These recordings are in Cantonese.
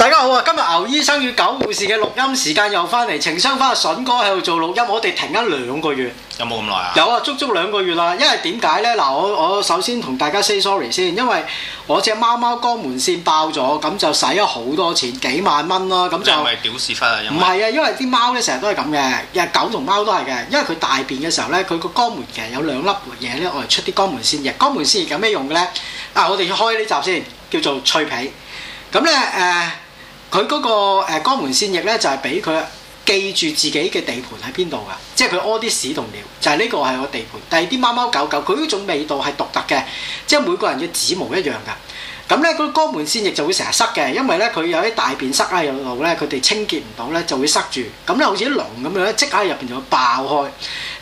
大家好啊！今日牛醫生與狗護士嘅錄音時間又翻嚟，情商翻阿筍哥喺度做錄音，我哋停咗兩個月，有冇咁耐啊？有啊，足足兩個月啦，啊。因為點解咧？嗱，我我首先同大家 say sorry 先，因為我隻貓貓肛門腺爆咗，咁就使咗好多錢，幾萬蚊咯。咁就係屌屎忽啊！有唔係啊？因為啲貓咧成日都係咁嘅，因為狗同貓都係嘅。因為佢大便嘅時候咧，佢個肛門其實有兩粒嘢咧，我哋出啲肛門腺液。肛門腺液有咩用嘅咧？啊，我哋要開呢集先，叫做脆皮。咁咧誒。呃佢嗰個肛門腺液咧，就係俾佢記住自己嘅地盤喺邊度噶，即係佢屙啲屎同尿，就係、是、呢個係我地盤。但係啲貓貓狗狗佢呢種味道係獨特嘅，即係每個人嘅指模一樣噶。咁咧，佢個肛門腺液就會成日塞嘅，因為咧佢有啲大便塞啊，有度，咧佢哋清潔唔到咧就會塞住。咁咧好似啲龍咁樣咧，即刻喺入邊就會爆開。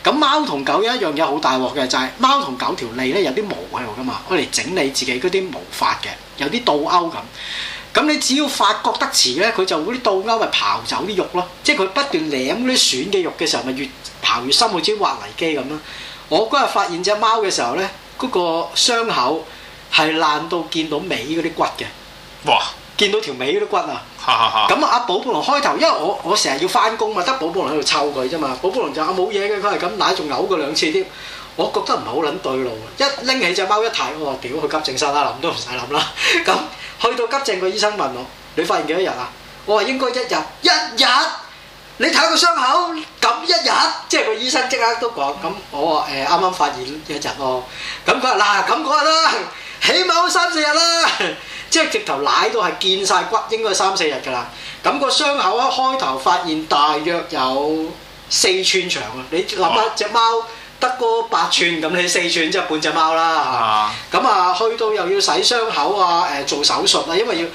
咁貓同狗有一樣嘢好大鑊嘅，就係、是、貓同狗條脷咧有啲毛喺度噶嘛，佢嚟整理自己嗰啲毛髮嘅，有啲倒勾咁。咁你只要發覺得遲咧，佢就嗰啲倒鈎咪刨走啲肉咯，即係佢不斷舐嗰啲損嘅肉嘅時候，咪越刨越深，好似挖泥機咁咯。我嗰日發現隻貓嘅時候咧，嗰、嗰個傷口係爛到見到尾嗰啲骨嘅，哇！見到條尾嗰啲骨哈哈哈哈啊！咁啊，阿寶寶龍開頭，因為我我成日要翻工嘛，得寶寶龍喺度湊佢啫嘛，寶寶龍就話冇嘢嘅，佢係咁奶仲嘔過兩次添。我覺得唔係好撚對路，一拎起隻貓一睇，我話屌去急症室啊，諗都唔使諗啦。咁 去到急症個醫生問我，你發現幾多日啊？我話應該一日，一日。你睇個傷口咁一日，即係個醫生即刻都講咁。我話誒啱啱發現一日咯。咁佢話嗱咁講啦，起碼三四日啦， 即係直頭舐到係見晒骨，應該三四日㗎啦。咁個傷口一開頭發現大約有四寸長啊，你諗下隻貓。得個八寸，咁你四寸即係半隻貓啦嚇。咁啊，去到又要洗傷口啊，誒做手術啊，因為要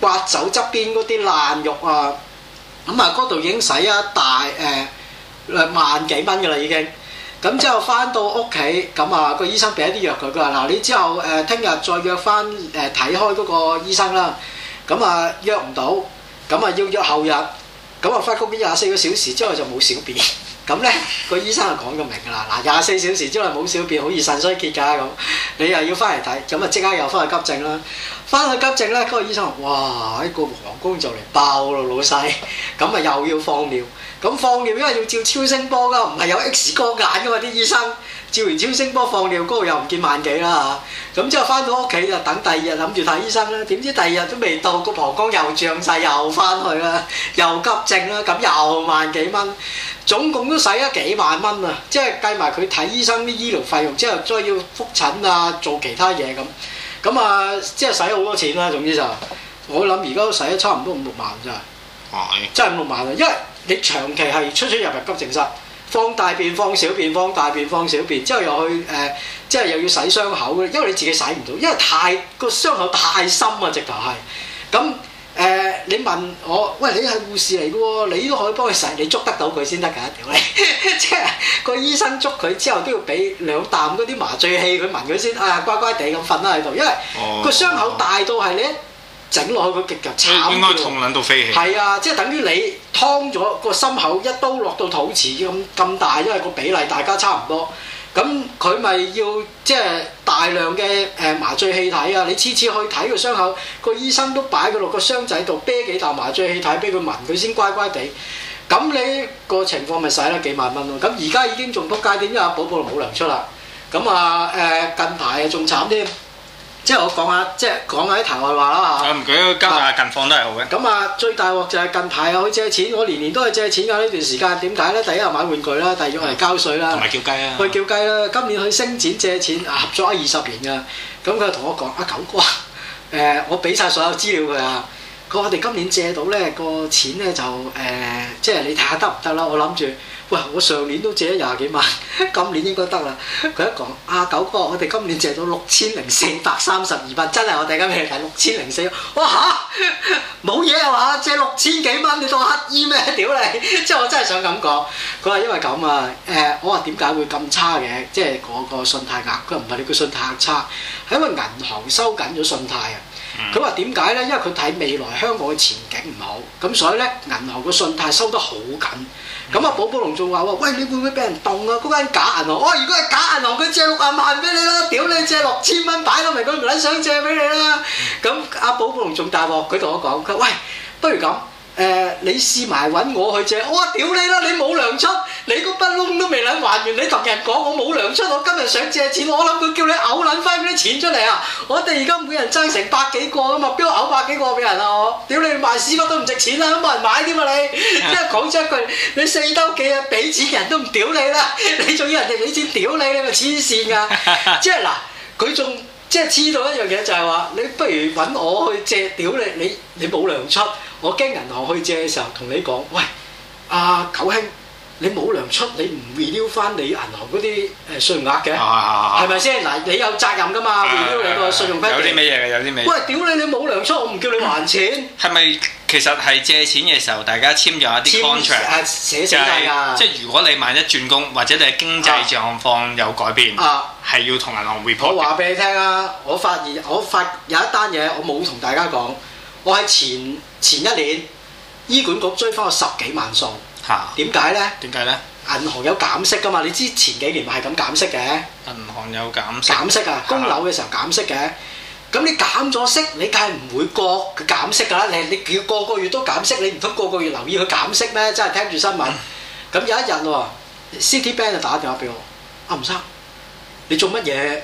刮走側邊嗰啲爛肉啊。咁啊，嗰度已經使一大誒兩、呃、萬幾蚊嘅啦已經。咁之後翻到屋企，咁啊個醫生俾一啲藥佢，佢話嗱你之後誒聽日再約翻誒睇開嗰個醫生啦。咁啊約唔到，咁啊要約後日，咁啊翻屋企廿四個小時之後就冇小便。咁咧個醫生就講咁明㗎啦，嗱廿四小時之內冇小便，好易腎衰竭㗎。咁，你又要翻嚟睇，咁啊即刻又翻去急症啦，翻去急症咧，嗰個醫生話，哇，一個膀胱就嚟爆咯老細，咁啊又要放尿，咁放尿因為要照超聲波㗎，唔係有 X 光眼㗎嘛啲醫生。照完超聲波放尿高又唔見萬幾啦嚇，咁之後翻到屋企就等第二日諗住睇醫生啦，點知第二日都未到個膀胱又脹晒又翻去啦，又急症啦，咁又萬幾蚊，總共都使咗幾萬蚊啊！即係計埋佢睇醫生啲醫療費用之後，再要覆診啊，做其他嘢咁，咁啊即係使好多錢啦。總之就我諗而家都使咗差唔多五六萬咋，真係五六萬啊！因為你長期係出出入入急症室。放大便放小便，放大便放小便，之後又去誒，即、呃、係又要洗傷口，因為你自己洗唔到，因為太個傷口太深啊！直頭係咁誒，你問我，喂，你係護士嚟嘅喎，你都可以幫佢洗，你捉得到佢先得㗎，喂、嗯！ 即係個醫生捉佢之後都要俾兩啖嗰啲麻醉器，佢聞佢先，啊、哎、乖乖地咁瞓啦喺度，因為個傷、哦、口大到係咧。整落去佢極極慘，痛到飛起。係啊，即係等於你劏咗個心口一刀落到肚臍咁咁大，因為個比例大家差唔多，咁佢咪要即係大量嘅誒、呃、麻醉氣體啊！你次次去睇個傷口，個醫生都擺佢落個箱仔度，啤幾啖麻醉氣體俾佢聞，佢先乖乖地。咁你個情況咪使咗幾萬蚊咯、啊？咁而家已經仲撲街點啊！因為寶寶就冇糧出啦。咁啊誒，近排仲慘添。即係我講下，即係講下啲題外話啦，唔下近況都好嘅。咁啊，最大鑊就係近排我去借錢，我年年都係借錢㗎。呢段時間點解咧？第一日買玩具啦，第二我嚟交稅啦。同埋叫雞啊，去叫雞啦！今年去星展借錢，合作咗二十年㗎。咁佢就同我講阿、啊、九哥，誒、呃，我俾晒所有資料佢啊。佢我哋今年借到咧、那個錢咧就誒、呃，即係你睇下得唔得啦？我諗住。喂！我上年都借咗廿幾萬，今年應該得啦。佢一講啊，九哥，我哋今年借咗六千零四百三十二萬，真係我哋今日咩睇六千零四？哇嚇！冇嘢啊嘛，借六千幾蚊，你當乞衣咩？屌你！即係我真係想咁講。佢話因為咁啊，誒、呃，我話點解會咁差嘅？即係嗰個信貸額，佢話唔係你個信貸額差，係因為銀行收緊咗信貸啊。佢話點解咧？因為佢睇未來香港嘅前景唔好，咁所以咧銀行個信貸收得好緊。咁啊，寶寶龍仲話喂，你會唔會俾人動啊？嗰間假銀行，哦，如果係假銀行，佢借六十萬俾你咯，屌你借六千蚊擺明佢唔撚想借俾你啦。咁阿寶寶龍仲大鑊，佢同我講，佢話，喂，不如咁。誒、呃，你試埋揾我去借，我、哦、屌你啦！你冇糧出，你個窟窿都未撚還完，你同人講我冇糧出，我今日想借錢，我諗佢叫你嘔撚翻啲錢出嚟啊！我哋而家每人爭成百幾個啊嘛，邊個嘔百幾個俾人啊我？屌你賣屎窟都唔值錢啦，都冇人買添啊你！即係講真一句，你四兜幾啊？俾錢人都唔屌你啦，你仲要人哋俾錢屌你，你咪黐線㗎！即係嗱，佢仲即係知道一樣嘢，就係、是、話你不如揾我去借，屌你你你冇糧出。我驚銀行去借嘅時候，同你講：喂，阿、啊、九兄，你冇糧出，你唔 reveal 翻你銀行嗰啲誒信用額嘅，係咪先？嗱，你有責任噶嘛、啊、reveal 你個信、啊、用記錄有啲咩嘢有啲咩？喂，屌你！你冇糧出，我唔叫你還錢。係咪、嗯、其實係借錢嘅時候，大家簽咗一啲 contract，啊、寫死曬㗎。即係、就是就是、如果你萬一轉工，或者你經濟狀況有改變，係、啊、要同銀行 report。我話俾你聽啊！我發現我發有一單嘢，我冇同大家講。我喺前前一年，醫管局追翻我十幾萬數，點解的呢？點解呢？銀行有減息噶嘛？你知前幾年咪係咁減息嘅？銀行有減息。減息啊！供樓嘅時候減息嘅，咁的你減咗息，你梗係唔會過佢減息噶啦。你你個個月都減息，你唔通個個月留意佢減息咩？真係聽住新聞。咁 有一日喎，Citibank 就打電話俾我，阿吳生。你做乜嘢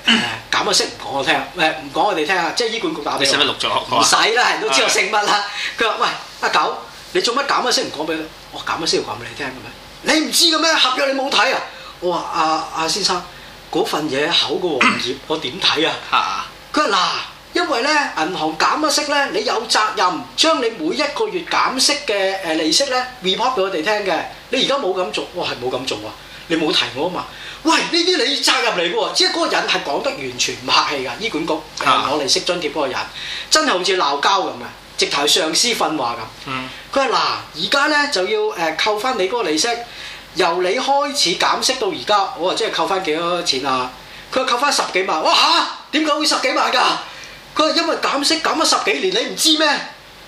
減息唔講我聽，唔、呃、講我哋聽啊！即係醫管局打我哋，使乜使錄咗？唔使啦，人都知道我姓乜啦。佢話的：喂，阿九，你做乜減息唔講俾我、哦、減息要講俾你聽嘅咩？你唔知嘅咩？合約你冇睇啊！我話阿阿先生嗰份嘢厚過黃頁，嗯、我點睇啊？佢話嗱，因為咧銀行減息咧，你有責任將你每一個月減息嘅誒利息咧 report 俾我哋聽嘅。你而家冇咁做，我係冇咁做啊！你冇提我啊嘛。喂，呢啲你責任嚟嘅喎，即係嗰個人係講得完全唔客氣㗎。醫管局我攞利息津貼嗰個人，真係好似鬧交咁嘅，直頭係上司訓話咁。佢話嗱，而家咧就要誒扣翻你嗰個利息，由你開始減息到而家，我話即係扣翻幾多錢啊？佢話扣翻十幾萬。哇嚇，點、啊、解會十幾萬㗎？佢話因為減息減咗十幾年，你唔知咩？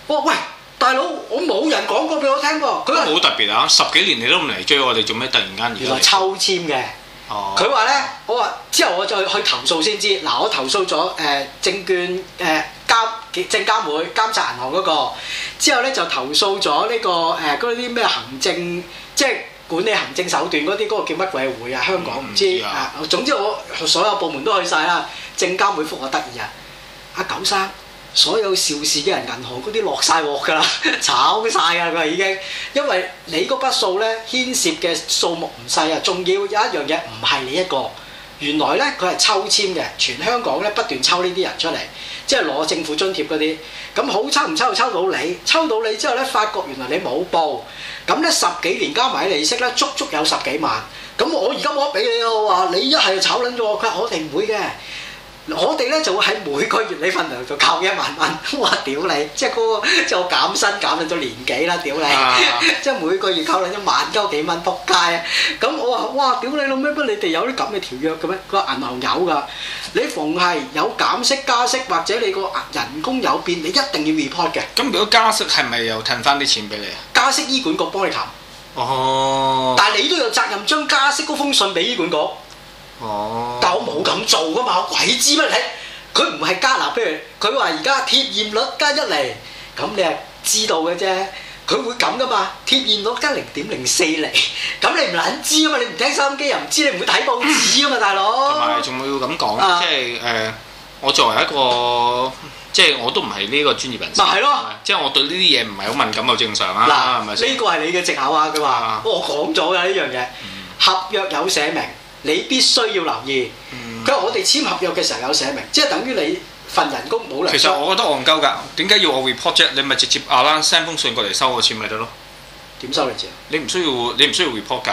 我話喂，大佬，我冇人講過俾我聽噃。佢話好特別啊，十幾年你都唔嚟追我哋，做咩突然間而家？原來抽籤嘅。佢話、哦、呢，我話之後我就去投訴先知，嗱我投訴咗誒、呃、證券誒、呃、監證監會監察銀行嗰、那個，之後呢就投訴咗呢、這個誒嗰啲咩行政，即係管理行政手段嗰啲，嗰、那個叫乜鬼會啊？香港唔、嗯、知，知啊，啊，總之我所有部門都去晒啦，證監會覆我得意啊，阿、啊、九生。所有肇事嘅人，銀行嗰啲落晒鑊㗎啦，炒晒㗎啦，佢已經。因為你嗰筆數咧牽涉嘅數目唔細啊，仲要有一樣嘢唔係你一個。原來咧佢係抽籤嘅，全香港咧不斷抽呢啲人出嚟，即係攞政府津貼嗰啲。咁好抽唔抽抽到你，抽到你之後咧，發覺原來你冇報。咁咧十幾年加埋利息咧，足足有十幾萬。咁我而家冇得俾你啊！話你一係就炒撚咗我，佢肯定會嘅。我哋咧就會喺每個月你份糧就扣一萬蚊，我屌你！即係嗰個即係我減薪減到咗年幾啦，屌你！即係每個月扣你一萬，扣幾蚊撲街啊！咁我話：哇，屌你老味，不你哋有啲咁嘅條約嘅咩？佢話銀行有噶，你逢係有減息加息或者你個人工有變，你一定要 report 嘅。咁如果加息係咪又褪翻啲錢俾你啊？加息，醫管局幫你騰。哦。但係你都有責任將加息嗰封信俾醫管局。但我冇咁做噶嘛，我鬼知乜你？佢唔係加嗱，譬如佢話而家貼現率加一厘，咁你係知道嘅啫。佢會咁噶嘛？貼現率加零點零四厘，咁你唔撚知啊嘛？你唔聽收音機又唔知，你唔會睇報紙啊嘛，大佬。同埋仲要咁講，啊、即係誒、呃，我作為一個即係我都唔係呢個專業人士。咪係咯，即係我對呢啲嘢唔係好敏感好正常啦。嗱，呢個係你嘅藉口啊！佢話、啊、我講咗啦呢樣嘢，合約有寫明。你必須要留意，佢話我哋簽合約嘅時候有寫明，即係等於你份人工冇嚟。其實我覺得戇鳩㗎，點解要我 report 啫？你咪直接阿啦 send 封信過嚟收我錢咪得咯？點收你錢？你唔需要，你唔需要 report 㗎。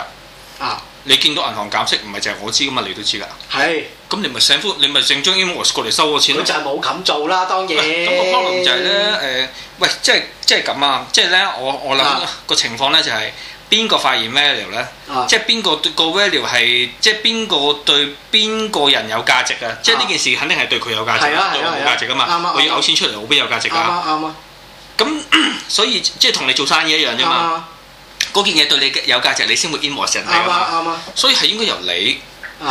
啊！你見到銀行減息，唔係就係我知噶嘛？你都知㗎。係是。咁你咪 send phone，你咪 send 張 email 過嚟收我錢。佢就係冇咁做啦，當然。咁、個可能就係、是、咧，誒、呃，喂，即係即係咁啊，即係咧，我我諗個情況咧就係、是。邊個發現 value 咧？即係邊個個 value 係？即係邊個對邊個人有價值啊？即係呢件事肯定係對佢有價值，啊。我冇價值啊嘛？我要嘔錢出嚟，我邊有價值㗎？啱啊！啱啊！咁所以即係同你做生意一樣啫嘛。嗰件嘢對你有價值，你先會 invite 人哋。啱啊！啱啊！所以係應該由你。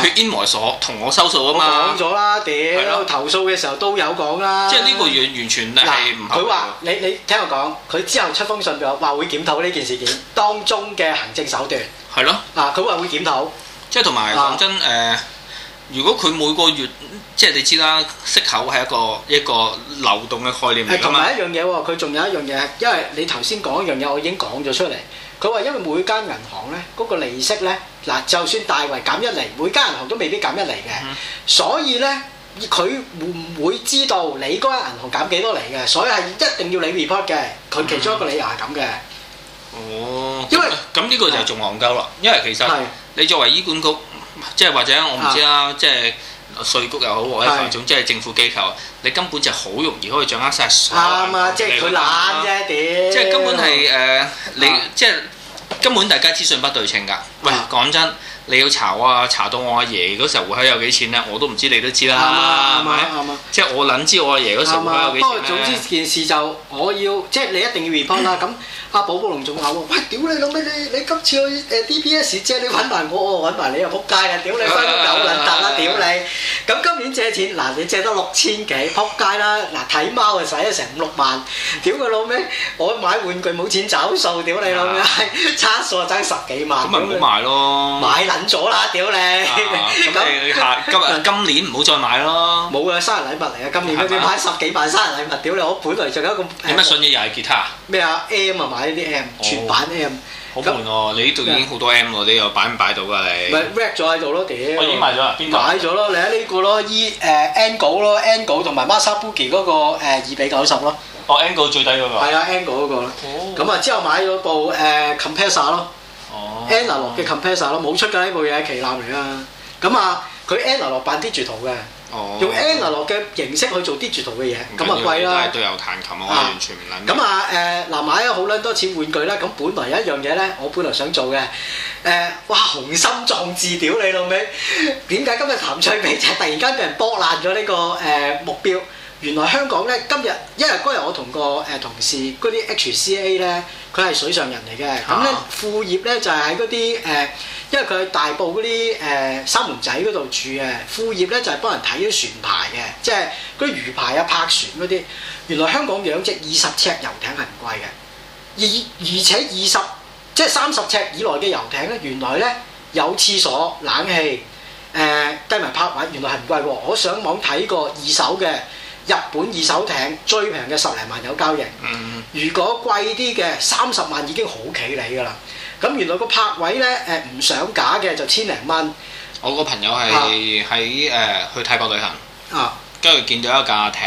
血煙霾所同我收數啊嘛，講咗啦，屌的投訴嘅時候都有講啦、啊。即係呢個完完全係唔好。佢話、啊、你你聽我講，佢之後出封信俾我，話會檢討呢件事件當中嘅行政手段。係咯的。啊，佢話會檢討。即係同埋講真誒，如果佢每個月即係你知啦，息口係一個一個流動嘅概念嚟嘅嘛，誒，同埋一樣嘢喎，佢仲、啊、有一樣嘢，因為你頭先講一樣嘢，我已經講咗出嚟。佢話：因為每間銀行咧，嗰、那個利息咧，嗱就算大圍減一厘，每間銀行都未必減一厘嘅。嗯、所以咧，佢會唔會知道你嗰間銀行減幾多厘嘅，所以係一定要你 report 嘅。佢其中一個理由係咁嘅。哦，因為咁呢個就係仲戇鳩啦。啊、因為其實你作為醫管局，即係或者我唔知啦、啊，啊、即係。稅局又好，或者一種即係政府機構，是你根本就好容易可以掌握曬，啱啊！即係佢懶啫，點？即係根本係誒，呃啊、你即係、就是、根本大家資訊不對稱㗎。喂，講、啊、真。你要查我啊？查到我阿爺嗰時候戶口有幾錢咧？我都唔知，你都知啦，係咪？即係我撚知我阿爺嗰時候有幾錢咧？不過總之件事就我要，即係你一定要 report 啦。咁阿寶寶龍仲咬喎，喂，屌你老味，你你今次去誒 DPS 借，你揾埋我，我揾埋你又仆街啊，屌你翻到狗撚搭啦！屌你！咁今年借錢嗱，你借得六千幾，仆街啦！嗱，睇貓啊，使咗成五六萬，屌佢老味，我買玩具冇錢找數，屌你老味，差數啊爭十幾萬。咁咪唔好買咯，買啦！咗啦！屌你咁，你下今日今年唔好再買咯。冇嘅，生日禮物嚟啊！今年嗰啲買十幾萬生日禮物，屌你！我本來就有個。你乜信嘢又係吉他啊？咩啊？M 啊，買呢啲 M 全版 M。好悶喎！你呢度已經好多 M 喎，你又擺唔擺到㗎你？咪 Rack 咗喺度咯，屌！我已經買咗啦，邊個？買咗咯，你喺呢個咯，E 誒 Angle 咯，Angle 同埋 Mesa Boogie 嗰個誒二比九十咯。哦，Angle 最低嗰個。係啊，Angle 嗰個啦。哦。咁啊，之後買咗部誒 Comparator 咯。analog 嘅 compressor 咯，冇出㗎呢部嘢係旗艦嚟啊！咁啊、oh, 嗯，佢 analogue 扮 digital 嘅，用 analog 嘅形式去做 digital 嘅嘢，咁啊、oh, 貴咯。都、oh, 有彈琴、oh, 我完全唔諗啊，咁啊誒嗱買咗好撚多錢玩具啦，咁本來有一樣嘢咧，我本來想做嘅，誒、呃、哇雄心壯志屌你老味！點解 今日談脆皮就係突然間俾人剝爛咗呢、這個誒、呃呃、目標？原來香港咧，今日因為嗰日我同個誒、呃、同事嗰啲 H C A 咧，佢係水上人嚟嘅，咁咧、啊、副業咧就係喺嗰啲誒，因為佢喺大埔嗰啲誒三門仔嗰度住嘅，副業咧就係、是、幫人睇啲船牌嘅，即係嗰啲魚排啊泊船嗰啲。原來香港養隻二十尺遊艇係唔貴嘅，而而且二十即係三十尺以內嘅遊艇咧，原來咧有廁所冷氣誒計埋泊位，原來係唔貴喎。我上網睇過二手嘅。日本二手艇最平嘅十零萬有交易，嗯、如果貴啲嘅三十萬已經好企理㗎啦。咁原來個泊位咧誒唔上架嘅就千零蚊。我個朋友係喺誒去泰國旅行，跟住、啊啊、見到一架艇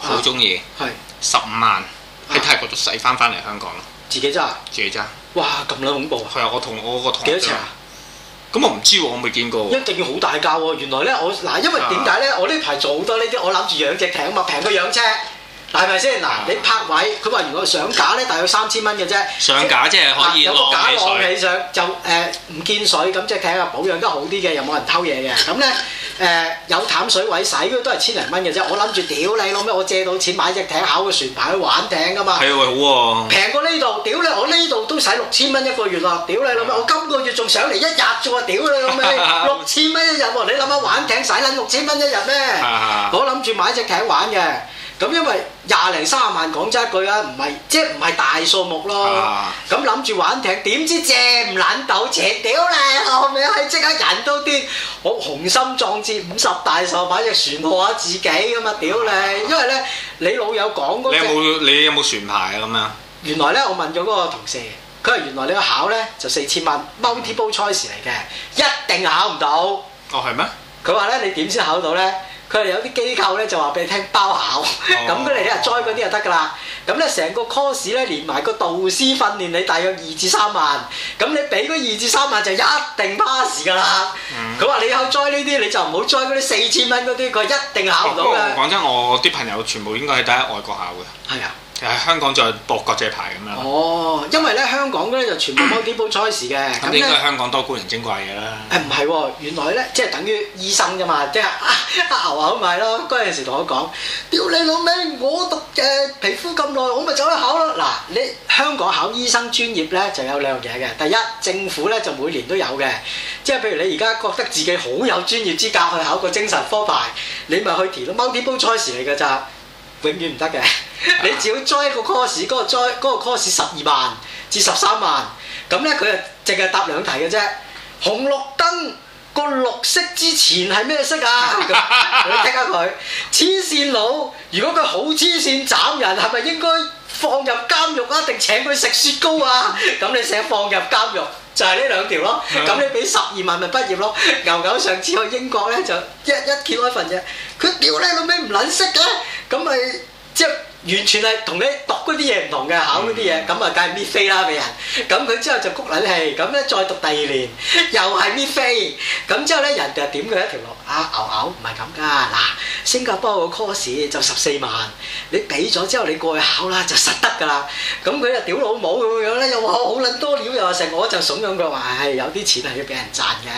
好中意，係十五萬喺、啊、泰國就使翻翻嚟香港咯，自己揸，自己揸。哇咁撚恐怖啊！係啊，我同我個同學。幾多錢啊？咁我唔知喎，我未見過喎。一定要好大架喎、哦！原來咧，我嗱，因為點解咧？我呢排做好多呢啲，我諗住養隻艇嘛，平過養車。係咪先嗱？啊、你泊位，佢話如果上架咧，大約三千蚊嘅啫。上架即係可以有個架晾起上就誒唔、呃、見水咁，隻艇啊保養得好啲嘅，又冇人偷嘢嘅。咁咧誒有淡水位洗，都係千零蚊嘅啫。我諗住屌你老味，我借到錢買隻艇考個船牌去玩艇噶嘛。係好喎。平過呢度，屌你！我呢度都使六千蚊一個月啦，屌你老味！我今個月仲上嚟一日做喎，屌你老味！六 千蚊一日喎，你諗下玩艇使撚六千蚊一日咩？ 我諗住買隻艇玩嘅。咁因為廿零三十萬，講真一句啊，唔係即係唔係大數目咯。咁諗住玩艇，點知借唔撚到借？屌你後屘係即刻人都斷。我雄心壯志五十大壽買隻船號下自己咁啊！屌你，因為咧你老友講嗰，你有冇你有冇船牌啊？咁樣原來咧我問咗嗰個同事，佢話原來你要考咧就四千萬、嗯、multiple choice 嚟嘅，一定考唔到。哦，係咩？佢話咧你點先考到咧？佢哋有啲機構咧就話俾你聽包考，咁佢哋一日栽嗰啲就得㗎啦。咁咧成個 course 咧連埋個導師訓練你大約二至三萬，咁你俾嗰二至三萬就一定 pass 㗎啦。佢話、嗯、你有栽呢啲你就唔好栽嗰啲四千蚊嗰啲，佢一定考唔到㗎。講真、哦，我啲朋友全部應該係第一外國考㗎。係啊。喺香港就博國際牌咁樣。哦，因為咧香港咧就全部 multiple choice 嘅，咁 呢應該香港多高人精貴嘅啦。誒唔係喎，原來咧即係等於醫生噶嘛，即係黑、啊、牛口咪係咯。嗰陣時同我講：，屌你老味，我讀誒皮膚咁耐，我咪走去考咯。嗱，你香港考醫生專業咧就有兩樣嘢嘅。第一，政府咧就每年都有嘅，即係譬如你而家覺得自己好有專業資格去考個精神科牌，你咪去填個 multiple choice 嚟㗎咋。永遠唔得嘅， 你只要 join 個 course，嗰個 join 嗰個 course 十二萬至十三萬，咁呢，佢就淨係答兩題嘅啫。紅綠燈個綠色之前係咩色啊？ 你睇下佢。黐線佬，如果佢好黐線斬人，係咪應該放入監獄啊？定請佢食雪糕啊？咁 你寫放入監獄。就係呢兩條咯，咁、嗯、你俾十二萬咪畢業咯。牛牛上次去英國咧，就一一揭開一份嘢，佢屌不認你老味唔撚識嘅，咁咪完全係同你讀嗰啲嘢唔同嘅，考嗰啲嘢，咁啊梗係搣飛啦俾人，咁佢之後就谷撚氣，咁咧再讀第二年又係搣飛，咁之後咧人哋就點佢一條路，啊牛牛唔係咁噶，嗱新加坡個 course 就十四萬，你俾咗之後你過去考啦就實得㗎啦，咁佢就屌老母咁樣咧，又話好撚多料，又話成我就慫咁佢話，係有啲錢係要俾人賺嘅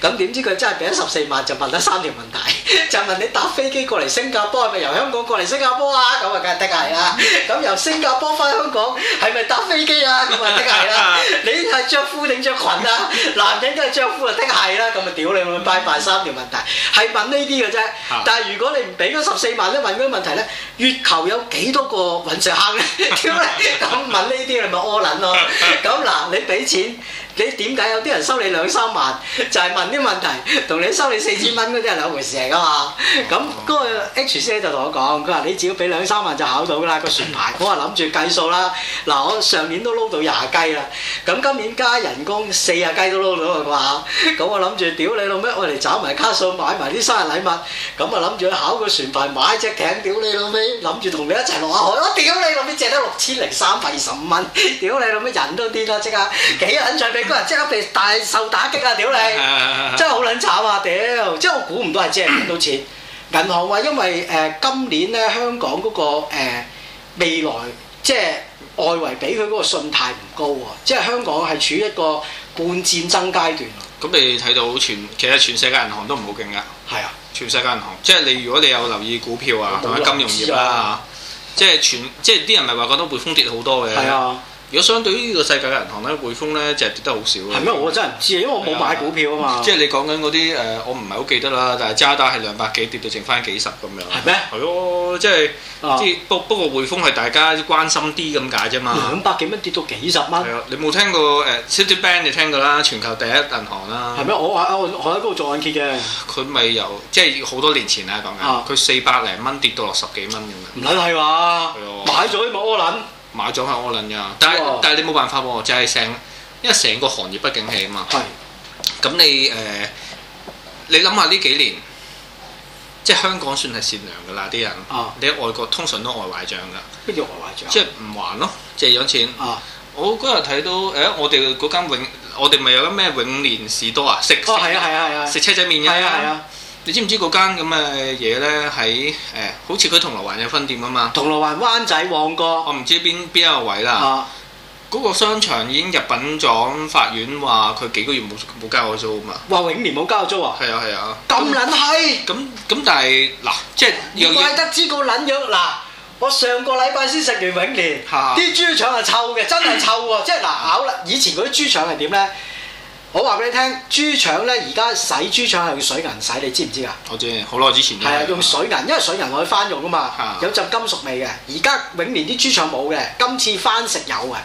咁，咁點知佢真係俾咗十四萬就問咗三條問題，就問你搭飛機過嚟新加坡係咪由香港過嚟新加坡啊，咁啊梗。的係啦，咁由新加坡翻香港係咪搭飛機啊？咁啊的係啊！ 你係着褲定着裙啊？男人都係着褲啊的係啦，咁啊屌你，拜拜三條問題，係問呢啲嘅啫。但係如果你唔俾嗰十四萬咧，問嗰啲問題咧，月球有幾多個隕石坑咧？屌你，咁、 嗯、問呢啲你咪屙撚咯。咁嗱，你俾錢。你點解有啲人收你兩三萬，就係問啲問題，同你收你四千蚊嗰啲係兩回事嚟噶嘛？咁嗰、 嗰個 H C 就同我講，佢話你只要俾兩三萬就考到啦、個船牌。我話諗住計數啦，嗱我上年都撈到廿雞啦，咁今年加人工四廿雞都撈到啊啩？咁我諗住屌你老味，我嚟找埋卡數買埋啲生日禮物，咁啊諗住去考個船牌買隻艇，屌你老味，諗住同你一齊落下海。我屌你老味借得六千零三百二十五蚊，屌你老味人都癲啦，即刻幾狠即刻被大受打擊啊！屌你的，真係好撚慘啊！屌，即係我估唔到係真係揾到錢。銀行話因為誒今年咧香港嗰個未來即係外圍俾佢嗰個信貸唔高啊，即係香港係處於一個半戰爭階段啊！咁你睇到全其實全世界銀行都唔好勁㗎。係啊的，全世界銀行即係你如果你有留意股票啊，同埋的金融業啦的的即係全即係啲人咪話覺得匯豐跌好多嘅。係啊的。如果相對於呢個世界銀行咧，匯豐咧就係、跌得好少。係咩？我真係唔知啊，因為我冇買股票啊嘛。即係、啊就係、你講緊嗰啲誒，我唔係好記得啦。但係渣打係兩百幾跌到剩翻幾十咁樣。係咩嗎？係咯、啊，即係即不不過匯豐係大家關心啲咁解啫嘛。兩百幾蚊跌到幾十蚊、啊。你冇聽過誒、呃、Citibank 你聽過啦，全球第一銀行啦、啊。係咩？我啊我喺嗰度做按揭嘅。佢咪由即係好多年前啦講緊。佢四百零蚊跌到六十幾蚊咁樣。唔撚係嘛？啊、買咗咪屙撚？買咗係我諗㗎，但係、哦、但係你冇辦法喎，就係成，因為成個行業不景氣啊嘛。係對，咁你誒、呃，你諗下呢幾年，即係香港算係善良㗎啦啲人，哦、你喺外國通常都外壞帳㗎。跟住外壞帳，即係唔還咯，借咗錢。啊、哦哎，我嗰日睇到，誒，我哋嗰間永，我哋咪有咩永年士多啊？食哦啊係啊係啊，食車仔麵嘅。係啊係啊。你知唔知嗰間咁嘅嘢咧？喺誒、欸，好似佢銅鑼灣有分店啊嘛。銅鑼灣、灣仔、旺角。我唔知邊一個位啦。啊！嗰個商場已經入稟咗法院，話佢幾個月冇冇交過租啊嘛。話永年冇交過租啊？係啊係啊。咁撚閪！咁咁樣但係嗱，即係怪得知個撚樣嗱，我上個禮拜先食完永年，啲、啊、豬腸係臭嘅，真係臭喎！ 即係嗱，好啦，以前嗰啲豬腸係點咧？我話俾你聽，豬腸咧而家洗豬腸係用水銀洗，你知唔知啊？我知，好耐之前啦。係啊，用水銀，因為水銀可以翻用啊嘛，是的 有陣金屬味嘅。而家永年啲豬腸冇嘅，今次翻食有嘅，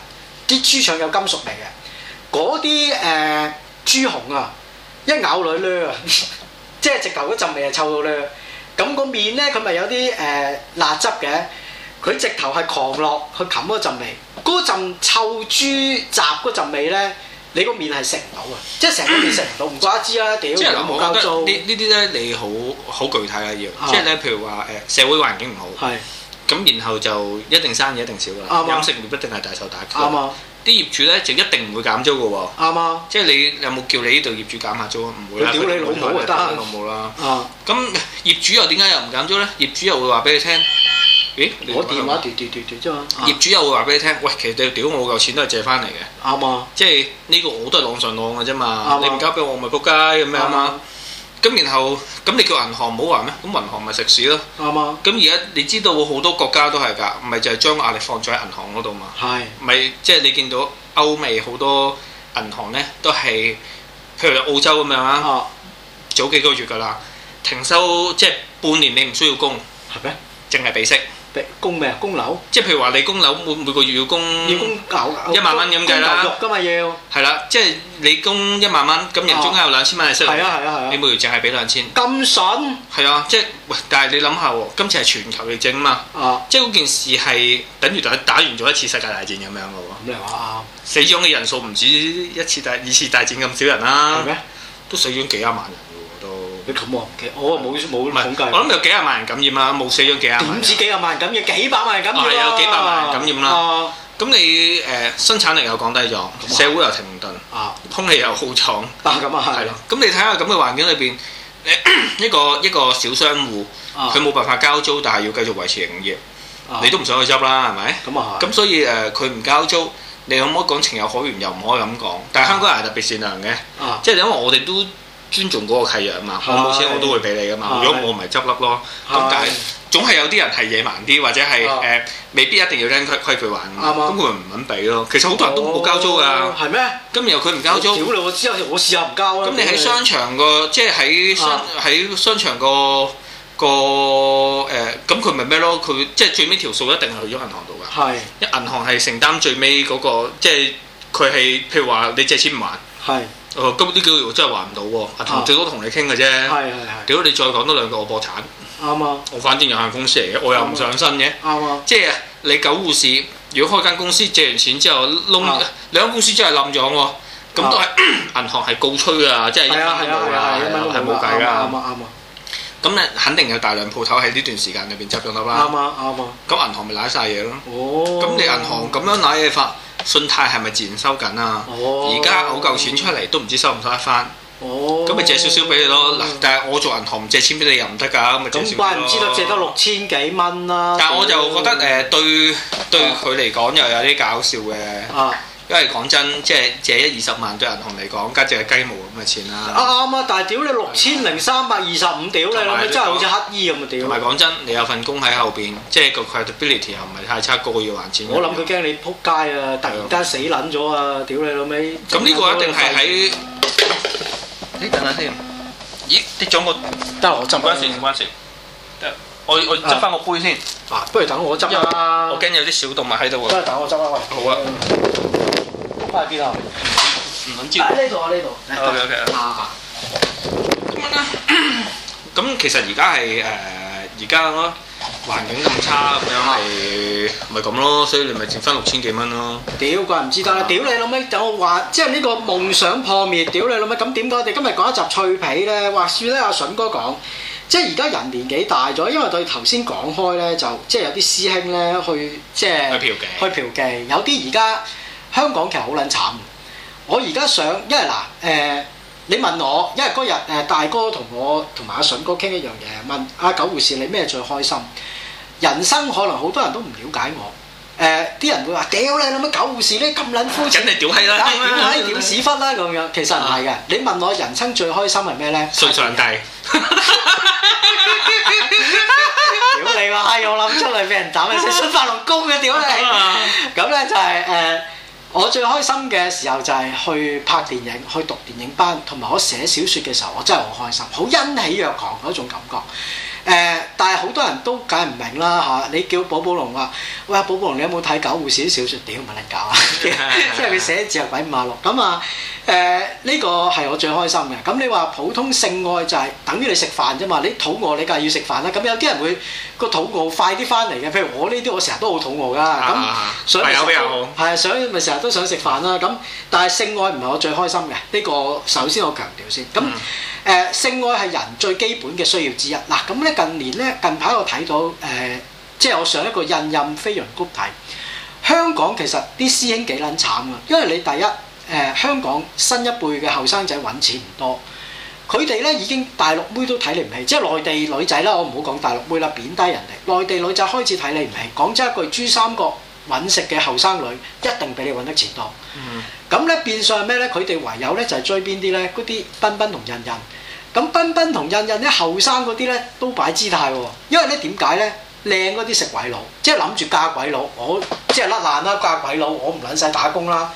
啲豬腸有金屬味嘅。嗰啲誒豬紅啊，一咬落咧，即 係直頭嗰陣味係臭到咧。咁個麵咧，佢咪有啲誒、呃、辣汁嘅，佢直頭係狂落去冚嗰陣味，嗰陣臭豬雜嗰陣味咧。你個面係食唔到啊！即係成個面食唔到，唔怪得之啦。地租交租呢？呢啲咧你好好具體啦，要、啊、即係咧，譬如話誒社會環境唔好，係咁，然後就一定生意一定少噶啦。是的 飲食業一定係大受打擊。啱啊！啲業主咧就一定唔會減租噶喎。啱是的 即係你，你有冇叫你呢度業主減下租啊？唔是的 會，屌你老母得啦，老母啦。咁業主又點解又唔減租咧？業主又會話俾你聽。我電話跌跌跌跌啫嘛，業主又會話俾你聽，喂，其實你屌我夠錢都係借翻嚟嘅，啱啊，即係呢個我都係兩上兩嘅啫嘛，你唔交俾我咪仆街咁樣啊嘛，咁然後咁你叫銀行唔好還咩，咁銀行咪食屎咯，啱啊，咁而家你知道好多國家都係㗎，唔係就係將壓力放咗喺銀行嗰度嘛，係，唔係即係你見到歐美好多銀行咧，都係譬如澳洲咁樣啊，早幾個月㗎啦，停收即係半年你唔需要供，係咩？淨係俾息。供咩啊？供樓？即係譬如話你供樓每每個月要供，要供九九萬蚊咁計啦，咁啊要係啦，即係你供一萬蚊，咁人中間有兩千蚊係息嚟，啊係啊係啊，你每月淨係俾兩千。咁筍？係啊，即係喂，但係你諗下喎，今次係全球疫症啊嘛，啊即係嗰件事係等於打，打完咗一次世界大戰咁樣嘅喎。咩話麼、啊？死咗嘅人數唔止一次大二次大戰咁少人啦、啊。咩嗎？都死咗幾廿萬人。咁啊，其實我冇冇統計。我諗有幾廿萬人感染啦，冇死咗幾廿。點止幾廿萬人感染，幾百萬人感染啦。係啊，幾百萬人感染啦。咁你誒生產力又降低咗，社會又停頓啊，空氣又好重咁啊係。咯。咁你睇下咁嘅環境裏邊，一個一個小商戶佢冇辦法交租，但係要繼續維持營業，你都唔想去執啦，係咪？咁啊咁所以誒，佢唔交租，你可唔可以講情有可原？又唔可以咁講。但係香港人係特別善良嘅，即係因為我哋都。尊重嗰個契約啊嘛，我冇錢我都會俾你啊嘛，如果我唔係執笠咯。咁但係總係有啲人係野蠻啲，或者係誒未必一定要跟佢規矩玩。啱，咁佢唔肯俾咯。其實好多人都冇交租㗎。係咩？咁然後佢唔交租。我之試下唔交啦。咁你喺商場個即係喺商喺商場個個誒，咁佢咪咩咯？佢即係最尾條數一定係去咗銀行度㗎。係，因為銀行係承擔最尾嗰個，即係佢係譬如話你借錢唔還。係。哦，咁啲交易真係還唔到喎，最多同你傾嘅啫。係係係。屌，你再講多兩個我破產。啱啊。我反正有限公司嚟嘅，我又唔上身嘅。啱啊。即係你九護士，如果開間公司借完錢之後，窿兩間公司真係冧咗喎。咁都係銀行係告吹啊，即係係啊係啊，係冇計㗎。啱啊啱啊。咁你肯定有大量鋪頭喺呢段時間入邊執咗笠啦。啱啊啱啊。咁銀行咪舐晒嘢咯。哦。咁你銀行咁樣舐嘢法？信貸係咪自然收緊啊？而家好夠錢出嚟都唔知收唔收得翻。哦，咁咪借少少俾你咯。嗱、嗯，但係我做銀行借錢俾你又唔得㗎，咪借少少咯。咁怪唔知道借多六千幾蚊啦。但係我就覺得誒、嗯呃，對對佢嚟講又有啲搞笑嘅。啊。因為講真，即係借一二十萬對銀行嚟講，梗係隻雞毛咁嘅錢啦。啱啊！但係屌你六千零三百二十五屌你，諗你真係好似乞衣咁嘅屌！同埋講真，你有份工喺後邊，即係個 credibility 又唔係太差，個個要還錢。我諗佢驚你撲街啊！突然間死撚咗啊！屌你老味！咁呢個一定係喺？咦？等下先。咦？跌咗個得，我執翻先，浸翻先。我我執翻個杯先。不如等我執啊！我驚有啲小動物喺度喎。不如等我執啊！好啊。翻去邊啊？唔緊住。喺呢度啊，okay, okay. 啊呢度。O K O K。嚇 嚇。咁咧？咁其實而家係誒，而家咯，環境咁差咁樣，咪咪咁咯，所以你咪剩翻六千幾蚊咯。屌怪唔知得啦！啊、屌你老味！就話即係呢個夢想破滅。屌你老味！咁點解我哋今日講一集脆皮咧？話說咧，阿筍哥講，即係而家人年紀大咗，因為對頭先講開咧，就即係有啲師兄咧去即係嫖妓，嫖妓，有啲而家。香港其實好撚慘。我而家想，因為嗱，誒、呃，你問我，因為嗰日誒大哥同我同埋阿筍哥傾一樣嘢，問阿、啊、九護士你咩最開心？人生可能好多人都唔了解我。誒、呃，啲人會話：你屌你諗乜九護士呢咁撚膚淺，啊、屌你屌閪啦，屌屎忽啦咁樣。其實唔係嘅，啊、你問我人生最開心係咩咧？信上帝。屌你話，我諗出嚟俾人斬係信法輪功嘅，屌你。咁咧就係誒。 我最開心嘅時候就係去拍電影、去讀電影班，同埋我寫小説嘅時候，我真係好開心，好欣喜若狂嗰種感覺。誒、嗯，但係好多人都解唔明啦嚇！你叫寶寶龍啊，喂、呃、寶寶龍，你有冇睇《九護士》啲小説？屌，咁冇搞啊？即係佢寫字又鬼五馬六。咁啊誒，呢、嗯這個係我最開心嘅。咁、嗯嗯這個嗯、你話普通性愛就係等於你食飯啫嘛？你肚餓你梗係要食飯啦。咁有啲人會個肚餓快啲翻嚟嘅，譬如我呢啲，我成日都好肚餓㗎。咁想口比係啊，想咪成日都想食飯啦。咁但係性愛唔係我最開心嘅，呢個首先我強調先。咁誒，性愛係人最基本嘅需要之一嗱。咁咧。嗯啊 近年咧，近排我睇到誒、呃，即係我上一個印印飛揚谷睇，香港其實啲師兄幾撚慘啊，因為你第一誒、呃、香港新一輩嘅後生仔揾錢唔多，佢哋咧已經大陸妹都睇你唔起，即係內地女仔啦，我唔好講大陸妹啦，貶低人哋，內地女仔開始睇你唔起。講真一句，珠三角揾食嘅後生女一定比你揾得錢多。咁咧、嗯、變相係咩咧？佢哋唯有咧就係、是、追邊啲咧？嗰啲賓賓同印印。咁彬彬同印印啲後生嗰啲咧都擺姿態喎、哦，因為咧，點解咧，靚嗰啲食鬼佬，即係諗住嫁鬼佬，我即係甩爛啦，嫁鬼佬，我唔撚使打工啦。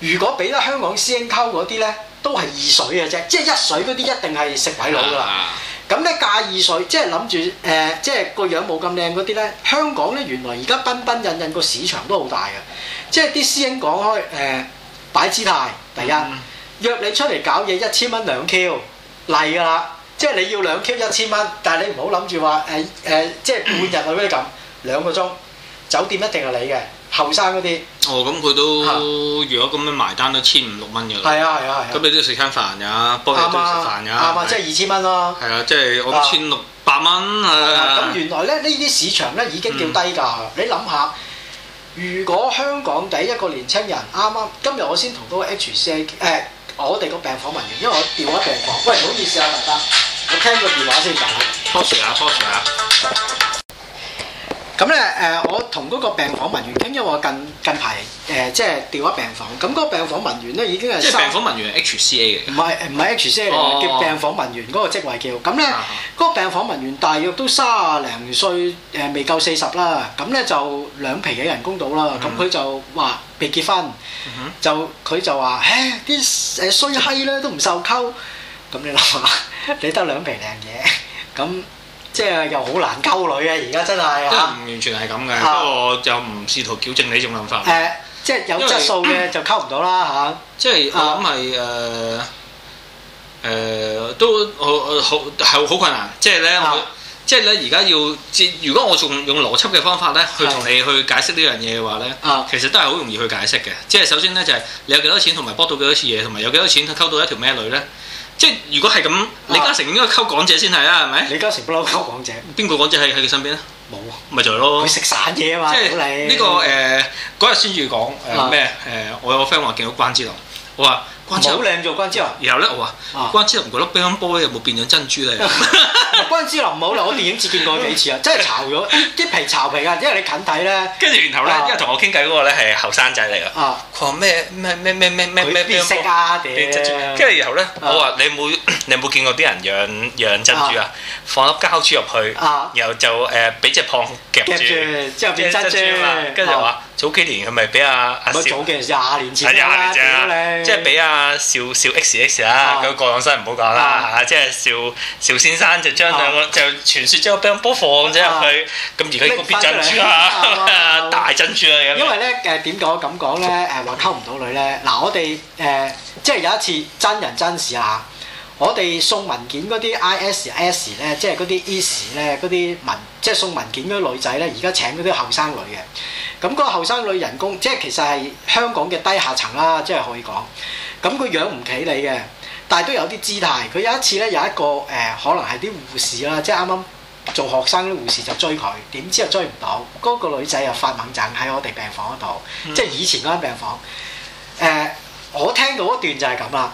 如果俾得香港師兄溝嗰啲咧，都係二水嘅啫，即係一水嗰啲一定係食鬼佬噶啦。咁咧，嫁二水，即係諗住誒，即係個樣冇咁靚嗰啲咧，香港咧，原來而家彬彬印印個市場都好大嘅，即係啲師兄講開誒、呃、擺姿態，第一、嗯、約你出嚟搞嘢一千蚊兩 Q。兩例㗎啦！即係你要兩 Q 一千蚊，但係你唔好諗住話誒誒，即係半日去畀你咁兩個鐘，酒店一定係你嘅後生嗰啲。哦，咁佢都如果咁樣埋單都千五六蚊嘅。係啊係啊係。咁你都要食餐飯㗎，幫你都食飯㗎。啱啊！即係二千蚊咯。係啊，即係我都千六百蚊啊。咁原來咧呢啲市場咧已經叫低價。你諗下，如果香港第一個年青人啱啱今日我先同多 H C A 我哋個病房文員，因為我調咗病房。喂，唔好意思啊，文生，我聽個電話先得。多謝啊，多謝啊。咁咧，誒、呃，我同嗰個病房文員傾，因為我近近排誒、呃，即係調咗病房。咁、嗯、嗰、那個病房文員咧，已經係即係病房文員 H C A 嘅。唔係唔係 H C A 嚟嘅、哦，叫病房文員嗰個職位叫。咁咧，嗰、啊、個病房文員大約都三廿零歲，誒、呃，未夠四十啦。咁咧就兩皮嘅人工到啦。咁佢、嗯、就話。未結婚、嗯、哼就佢就話，唉啲誒衰閪咧都唔受溝，咁你諗下，你得兩皮靚嘢，咁即係又好難溝女呀，而家真係。即係唔完全係咁嘅，不過、啊、我就唔試圖矯正你呢種諗法。誒、啊，即係有質素嘅就溝唔到啦嚇。啊、即係我諗係誒誒都我，我好係好，好困難，即係咧、啊、我。即係咧，而家要即，如果我仲用邏輯嘅方法咧，去同你去解釋呢樣嘢嘅話咧，的其實都係好容易去解釋嘅。啊、即係首先咧就係、是，你有幾多錢同埋搏到幾多次嘢，同埋有幾多錢去溝到一條咩女咧？即係如果係咁，李嘉誠應該溝港姐先係啊，係咪、啊？李嘉誠不嬲溝港姐，邊個港姐係喺佢身邊咧？冇有，咪就係咯。佢食散嘢啊嘛，即係呢個誒嗰日先至講誒咩誒，我有個 friend 話見到關之琳，我話。好靚做關之琳，然後咧我話關之琳嗰粒乒乓波有冇變咗珍珠咧？關之琳好啦，我電影節見過幾次啊，真係巢咗啲皮巢皮啊！因為你近睇咧。跟住然後咧，因為同我傾偈嗰個咧係後生仔嚟噶。啊！話咩咩咩咩咩咩咩？佢變色啊！屌！跟住然後咧，我話你冇你冇見過啲人養養珍珠啊？放粒膠珠入去，然後就誒俾隻蚌夾住，之後變珍珠啊！跟住又話早幾年係咪俾阿阿？唔係早幾年，廿年前啦，屌你！即係俾阿少少 X X 啦、啊，咁過檔身唔好講啦，啊、即係笑笑先生就將兩個、啊、就傳說將個乒乓波放咗入去，咁而家佢個邊珍珠啊，大珍珠、呃、啊，因為咧誒點講咁講咧誒，話溝唔到女咧，嗱我哋誒即係有一次真人真事啊，我哋送文件嗰啲 I S S 咧，即係嗰啲 E S 咧，嗰啲文即係送文件嗰啲女仔咧，而家請嗰啲後生女嘅，咁、那、嗰個後生女人工即係其實係香港嘅低下層啦，即係可以講。咁佢養唔起你嘅，但係都有啲姿態。佢有一次咧，有一個誒、呃，可能係啲護士啦，即係啱啱做學生啲護士就追佢，點知又追唔到。嗰、那個女仔又發猛癥喺我哋病房嗰度，嗯、即係以前嗰間病房。誒、呃，我聽到一段就係咁啦。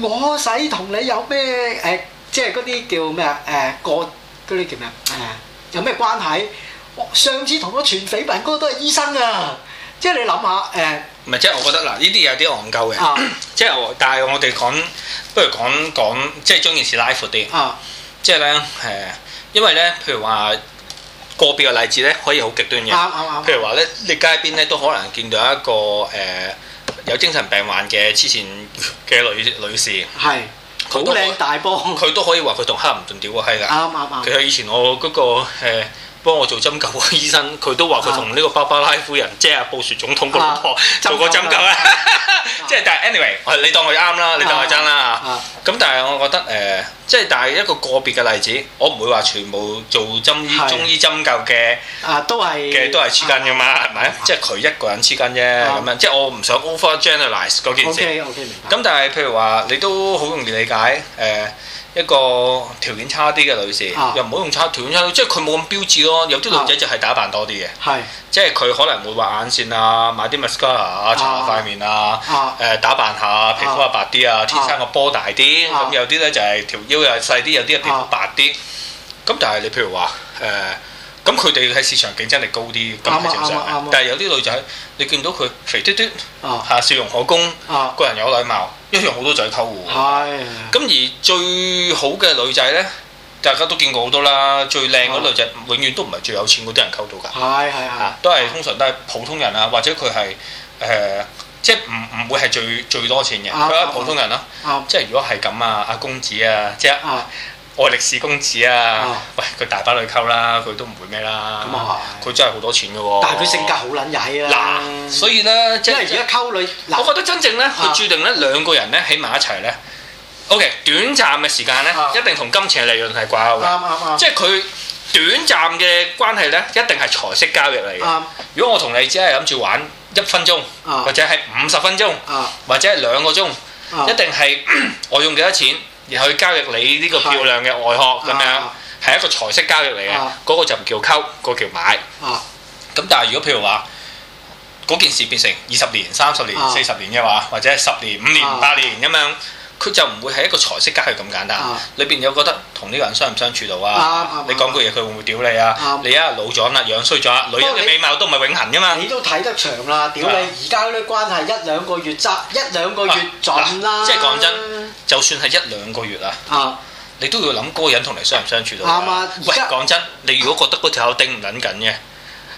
我使同你有咩誒、呃，即係嗰啲叫咩啊？誒、呃，個嗰啲叫咩啊、呃？有咩關係？上次同我傳緋聞嗰個都係醫生啊！即係你諗下誒，唔、欸、係即係我覺得嗱，呢啲有啲戇鳩嘅。啊、即係但係我哋講，不如講講即係將件事拉闊啲、啊呃啊。啊，即係咧誒，因為咧，譬如話個別嘅例子咧，可以好極端嘅。譬如話咧，你街邊咧都可能見到一個誒、呃、有精神病患嘅之前嘅女女士。係、啊。好靚大波。佢都可以話佢同黑人仲屌過閪㗎。啱啱其實以前我嗰、那個、啊啊幫我做針灸個醫生，佢都話佢同呢個巴巴拉夫人，即係阿布殊總統個老婆做過針灸咧。即係但係，anyway，你當佢啱啦，你當佢真啦。咁但係我覺得誒，即係但係一個個別嘅例子，我唔會話全部做針醫中醫針灸嘅啊，都係嘅都係黐筋㗎嘛，係咪？即係佢一個人黐筋啫，咁樣。即係我唔想 overgeneralize 嗰件事。咁但係譬如話，你都好容易理解誒。一個條件差啲嘅女士，啊、又唔好用差條件差，即係佢冇咁標致咯。有啲女仔就係打扮多啲嘅，是即係佢可能會畫眼線啊，買啲 mascara 擦下塊面啊，誒、啊啊呃、打扮下，皮膚啊白啲啊，天生個波大啲。咁、啊嗯、有啲咧就係、是、條腰又細啲，有啲啊皮膚啊白啲。咁但係你譬如話誒，咁佢哋喺市場競爭力高啲，咁係正常。啊啊啊啊、但係有啲女仔，你見到佢肥嘟嘟，嚇笑容可掬，個人有個禮貌。一樣好多仔溝喎，咁的而最好嘅女仔咧，大家都見過好多啦。最靚嗰女仔，的永遠都唔係最有錢嗰啲人溝到㗎，係係係，都係通常都係普通人啊，或者佢係誒，即係唔唔會係最最多錢嘅，啊、普通人咯、啊。啊啊、即係如果係咁啊，阿公子啊，即係啊。啊我係歷史公子啊！喂，佢大把女溝啦，佢都唔會咩啦。咁啊，佢真係好多錢嘅喎。但係佢性格好撚曳啊！嗱，所以咧，即係而家溝女，我覺得真正咧，佢注定咧，兩個人咧喺埋一齊咧。O K，短暫嘅時間咧，一定同金錢嘅利潤係掛鈎嘅。啱啱即係佢短暫嘅關係咧，一定係財色交易嚟嘅。如果我同你只係諗住玩一分鐘，或者係五十分鐘，或者係兩個鐘，一定係我用幾多錢，而去交易你呢個漂亮嘅外殼咁樣，係、啊啊、一個財色交易嚟嘅，嗰、啊、個就唔叫溝，嗰、嗰個、叫買。咁、啊、但係如果譬如話，嗰件事變成二十年、三十年、四十年嘅話，啊、或者十年、五年、八年咁樣。啊啊啊佢就唔會係一個財色交易咁簡單，啊、裏邊有覺得同呢個人相唔相處到啊？啊啊你講句嘢佢會唔會屌你啊？啊你啊老咗啦，樣衰咗啦，你女人嘅美貌都唔係永恆噶嘛。你都睇得長啦，屌你而家嗰啲關係一兩個月執一兩個月盡啦。即係講真，就算係一兩個月啊，你都要諗個人同你相唔相處到、啊。啱啱、啊。喂，講真，真啊、你如果覺得嗰條友頂唔頂緊嘅。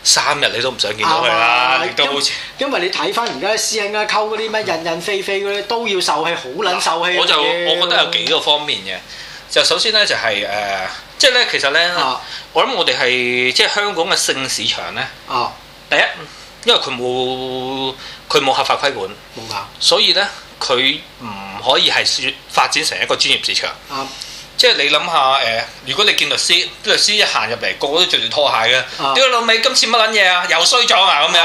三日你都唔想見到佢啦，吧亦都好似因，因為你睇翻而家私兄啊溝嗰啲咩人人非非嗰啲、嗯、都要受氣，好撚受氣，我就我覺得有幾個方面嘅，就首先咧就係、是、誒、嗯呃，即係咧其實咧，啊、我諗我哋係即係香港嘅性市場咧，啊、第一，因為佢冇佢冇合法規管，冇法、啊，所以咧佢唔可以係説發展成一個專業市場。啊。即係你諗下誒，如果你見律師，律師一行入嚟，個個都着住拖鞋嘅。點解老味今次乜撚嘢啊？又衰咗啊咁樣。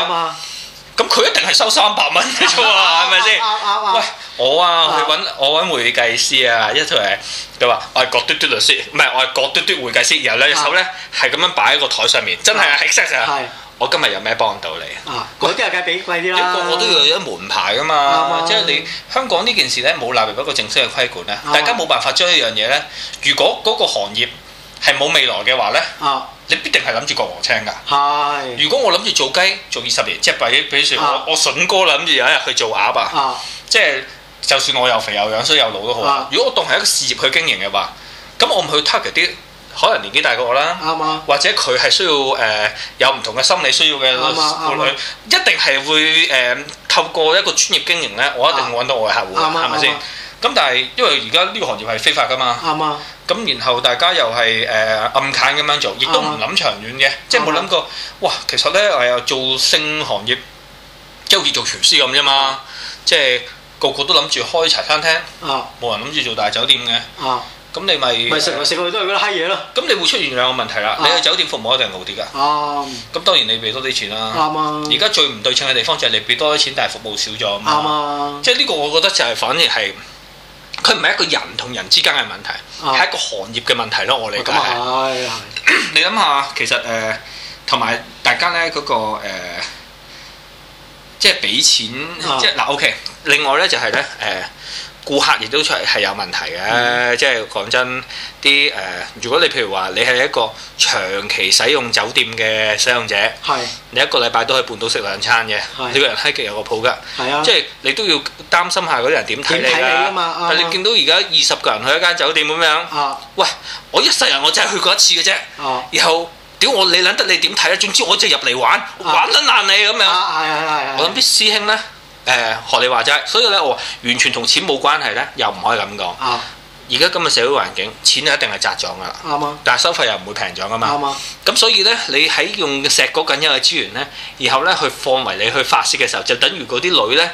咁佢、啊啊、一定係收三百蚊啫喎，係咪先？啊啊啊、喂，我啊去我揾會計師啊，一係佢話我係郭嘟嘟律師，唔係我係郭嘟嘟會計師，law, law, 然後兩隻手咧係咁樣擺喺個台上面，真係啊，exactly。我今日有咩幫到你啊？嗰啲係梗係畀貴啲啦。即係個個都要有一門牌噶嘛。的即係你香港呢件事咧冇列入一個正式嘅規管咧，的大家冇辦法將一樣嘢咧。如果嗰個行業係冇未來嘅話咧，的你必定係諗住割禾青㗎。係的。如果我諗住做雞做二十年，即係比，比如，如的我我筍哥啦，諗住有一日去做鴨啊。的即係就算我又肥又樣衰又老都好。的如果我當係一個事業去經營嘅話，咁我唔去 target 啲。可能年紀大過我啦，或者佢係需要誒有唔同嘅心理需要嘅顧客，一定係會誒透過一個專業經營呢，我一定會揾到我嘅客戶，係咪先？咁但係因為而家呢個行業係非法噶嘛，咁然後大家又係誒暗砍咁樣做，亦都唔諗長遠嘅，即係冇諗過哇！其實呢，我又做性行業，即好似做廚師咁啫嘛，即係個個都諗住開茶餐廳，冇人諗住做大酒店嘅。咁你咪咪食嚟食去都係嗰啲閪嘢咯。咁你會出現兩個問題啦。你去酒店服務一定好啲㗎。啊。咁當然你俾多啲錢啦。啱。而家最唔對稱嘅地方就係你俾多啲錢，但係服務少咗啊。啱。即係呢個我覺得就係反而係，佢唔係一個人同人之間嘅問題，係一個行業嘅問題咯。我理解。咁係。你諗下，其實誒，同埋大家咧嗰個誒，即係俾錢，即係嗱 OK。另外咧就係咧誒。顧客亦都出係有問題嘅，即係講真啲誒。如果你譬如話你係一個長期使用酒店嘅使用者，你一個禮拜都可以半島食兩餐嘅，你個人係極有個鋪㗎，即係你都要擔心下嗰啲人點睇你啦。但你見到而家二十個人去一間酒店咁樣，喂，我一世人我真係去過一次嘅啫，然後屌我你諗得你點睇咧？總之我真係入嚟玩，玩得爛你咁樣。我諗啲師兄咧。誒學你話齋，所以咧我完全同錢冇關係咧，又唔可以咁講。而家今日社會環境，錢就一定係砸漲噶啦。但係收費又唔會平漲噶嘛。咁所以咧，你喺用石果緊一嘅資源咧，然後咧去放為你去發泄嘅時候，就等於嗰啲女咧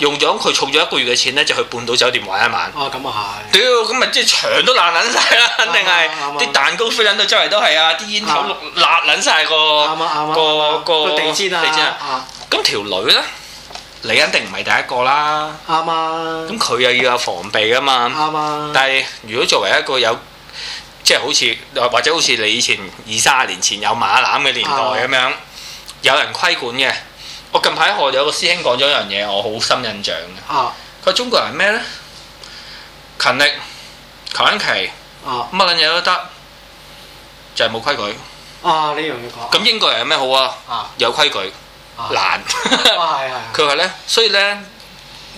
用咗佢儲咗一個月嘅錢咧，就去半島酒店玩一晚。咁啊，係。屌，咁咪即係牆都爛撚晒啦，肯定係。啲蛋糕飛撚到周圍都係啊！啲煙頭爛撚晒個個個地氈啊！咁條女咧？你肯定唔係第一個啦，啱啊、嗯！咁佢又要有防備啊嘛，啱啊、嗯！但係如果作為一個有即係好似或者好似你以前二三十年前有馬籃嘅年代咁樣，啊、有人規管嘅，我近排學有個師兄講咗一樣嘢，我好深印象嘅。啊！佢話中國人咩呢？勤力、求緊期，乜撚嘢都得，就係、是、冇規矩。啊！呢樣要講。咁英國人有咩好啊？啊！有規矩。難，佢話咧，所以咧，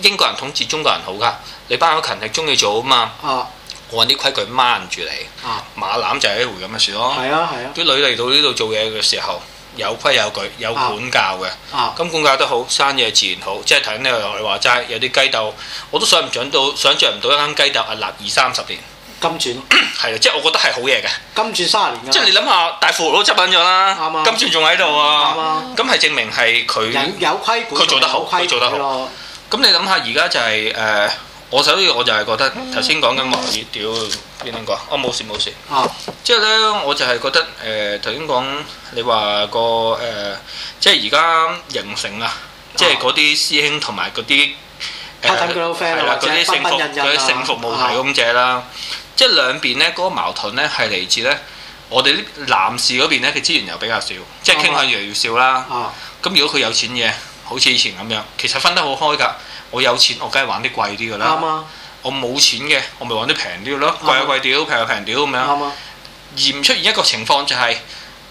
英國人統治中國人好噶，你班友勤力，中意做啊嘛，啊，我啲規矩掹住你，啊、馬攬就係一回咁嘅事咯，啲女嚟到呢度做嘢嘅時候，啊啊、時候有規有矩，有管教嘅，咁、啊啊、管教得好，生意自然好，即係睇呢個你話齋，有啲雞竇，我都想唔想到，想像唔到一間雞竇啊立二三十年。金轉係啊，即係我覺得係好嘢嘅。金轉卅年即係你諗下，大富豪都執翻咗啦。金轉仲喺度啊！咁係證明係佢有規管，佢做得好，佢做得好。咁你諗下，而家就係誒，我首先我就係覺得頭先講緊話，屌邊兩個？我冇事冇事。即係咧，我就係覺得誒，頭先講你話個誒，即係而家形成啊，即係嗰啲師兄同埋嗰啲 partner 性服務、性服務提供者啦。即係兩邊咧，嗰個矛盾咧係嚟自咧，我哋啲男士嗰邊咧佢資源又比較少，即係傾向越嚟越少啦。咁、嗯、如果佢有錢嘅，好似以前咁樣，其實分得好開㗎。我有錢，我梗係玩啲貴啲㗎啦。我冇錢嘅，我咪玩啲平啲咯。貴係貴屌，平係平屌咁樣。而唔出現一個情況就係、是、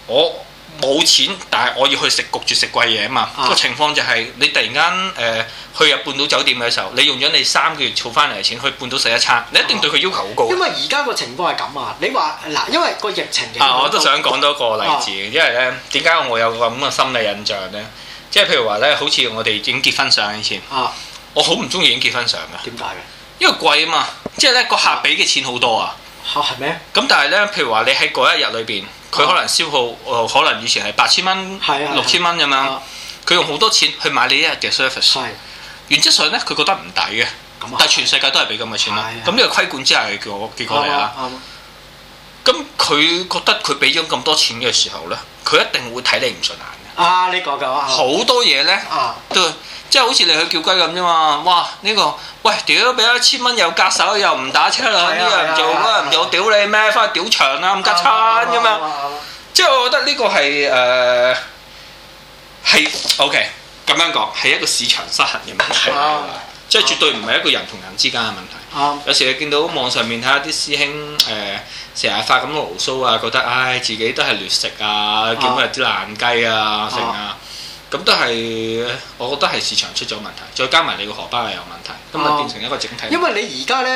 我，冇錢，但係我要去食焗住食貴嘢啊嘛！個、啊、情況就係、是、你突然間誒、呃、去入半島酒店嘅時候，你用咗你三個月儲翻嚟嘅錢去半島食一餐，你一定對佢要求好高啊。因為而家個情況係咁啊！你話嗱，因為個疫情、情啊，我都想講多個例子，啊、因為咧點解我有個咁嘅心理印象咧？即係譬如話咧，好似我哋影結婚相以前，啊、我好唔中意影結婚相嘅。點解嘅？因為貴啊嘛，即係咧個客俾嘅錢好多啊。吓、啊，係咩？咁但係咧，譬如話你喺嗰一日裏邊。佢可能消耗，誒可能以前係八千蚊、六的千蚊咁樣，佢的用好多錢去買你一日嘅 service，的原則上咧佢覺得唔抵嘅，的但係全世界都係俾咁嘅錢啦，咁呢的個規管之下叫我結果嚟啦。咁佢覺得佢俾咗咁多錢嘅時候咧，佢一定會睇你唔順眼。啊！呢、呢個夠啦，嗯、多好多嘢咧，都即係好似你去叫雞咁啫嘛。哇！呢、呢個喂屌俾一千蚊又隔手又唔打車啦，呢人唔做嗰人唔做屌 你咩？翻去屌場啊，咁夾餐噶嘛。即係我覺得呢個係誒係 OK 咁樣講，係一個市場失衡嘅問題， 即係絕對唔係一個人同人之間嘅問題。 有時你見到網上面睇下啲師兄誒。成日發咁嘅牢騷啊！覺得唉，自己都係劣食啊，點解啲爛雞啊食啊？咁、啊啊、都係，我覺得係市場出咗問題，再加埋你個荷包係有問題，咁啊變成一個整體、啊。因為你而家咧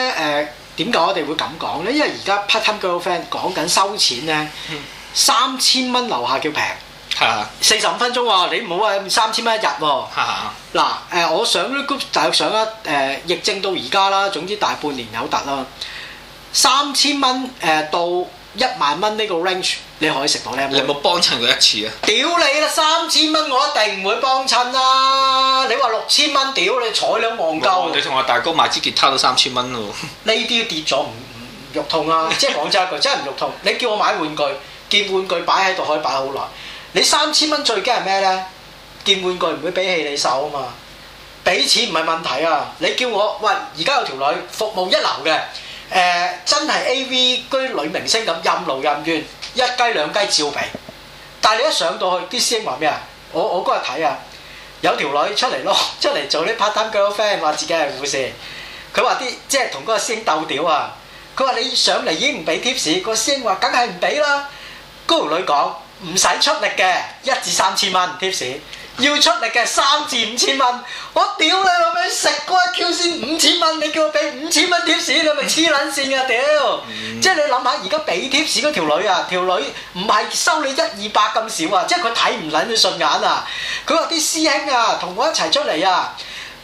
誒，點、呃、解我哋會咁講咧？因為而家 part-time girlfriend 講緊收錢咧，三千蚊樓下叫平，係啊，四十五分鐘喎，你唔好話三千蚊一日喎，嗱誒、啊，我上 group，但係上一誒、呃、疫症到而家啦，總之大半年有突啦。三千蚊誒到一萬蚊呢個 range 你可以食到咧？你有冇幫襯過一次啊？屌你啦！三千蚊我一定唔會幫襯啦！你話六千蚊屌你彩兩望鳩！ 你同我大哥買支吉他都三千蚊喎。呢啲跌咗唔唔肉痛啊！即係講真一句，真係唔肉痛。你叫我買玩具，見玩具擺喺度可以擺好耐。你三千蚊最驚係咩呢？見玩具唔會俾起你手啊嘛！俾錢唔係問題啊！你叫我喂而家有條女服務一流嘅。誒、呃、真係 A V 居啲女明星咁任勞任怨，一雞兩雞照俾。但係你一上到去，啲師兄話咩啊？我我嗰日睇啊，有條女出嚟咯，出嚟做啲 part time girlfriend，話自己係護士。佢話啲即係同嗰個師兄鬥屌啊！佢話你上嚟已經唔俾貼士，個師兄話梗係唔俾啦。嗰條女講唔使出力嘅，一至三千蚊貼士。」要出力嘅三至五千蚊，我屌你老味！食瓜 Q 先五千蚊，你叫我俾五千蚊貼士，你咪黐撚線㗎屌！嗯、即係你諗下，而家俾貼士嗰條女啊，條女唔係收你一二百咁少啊，即係佢睇唔撚佢順眼啊！佢話啲師兄啊，同我一齊出嚟啊，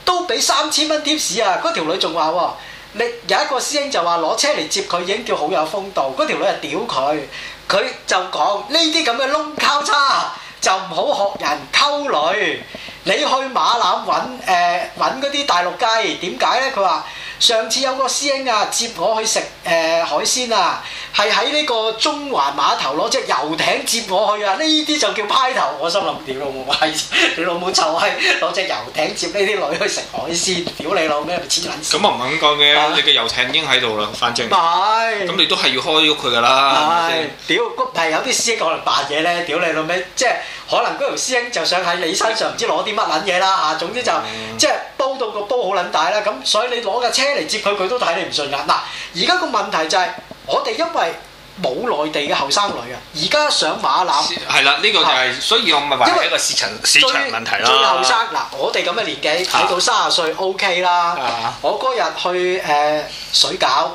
都俾三千蚊貼士啊，嗰條女仲話喎，你有一個師兄就話攞車嚟接佢已經叫好有風度，嗰條女係屌佢！佢就講呢啲咁嘅窿交叉。就唔好學人溝女。你去馬欄揾誒揾嗰啲大陸雞，點解咧？佢話上次有個師兄啊，接我去食誒、呃、海鮮啊，係喺呢個中環碼頭攞隻遊艇接我去啊。呢啲就叫派頭，我心諗屌老母閪，你老母就係攞隻遊艇接呢啲女去食海鮮，屌你老母黐撚線！咁啊唔肯講嘅，你嘅遊艇已經喺度啦，反正唔係。咁你都係要開喐佢噶啦。屌，係有啲師兄可能扮嘢咧，屌你老母，即係可能嗰條師兄就想喺你身上唔知攞啲。取得取得得乜撚嘢啦嚇，總之就即係煲到個煲好撚大啦，咁、嗯、所以你攞架車嚟接佢，佢都睇你唔順眼。嗱，而家個問題就係、是、我哋因為冇內地嘅後生女啊，而家上馬騮係啦，呢、這個就係、是，的所以我咪話係一個市場市場問題啦。最後生嗱，我哋咁嘅年紀睇、啊、到三十歲 OK 啦。啊、我嗰日去誒、呃、水餃，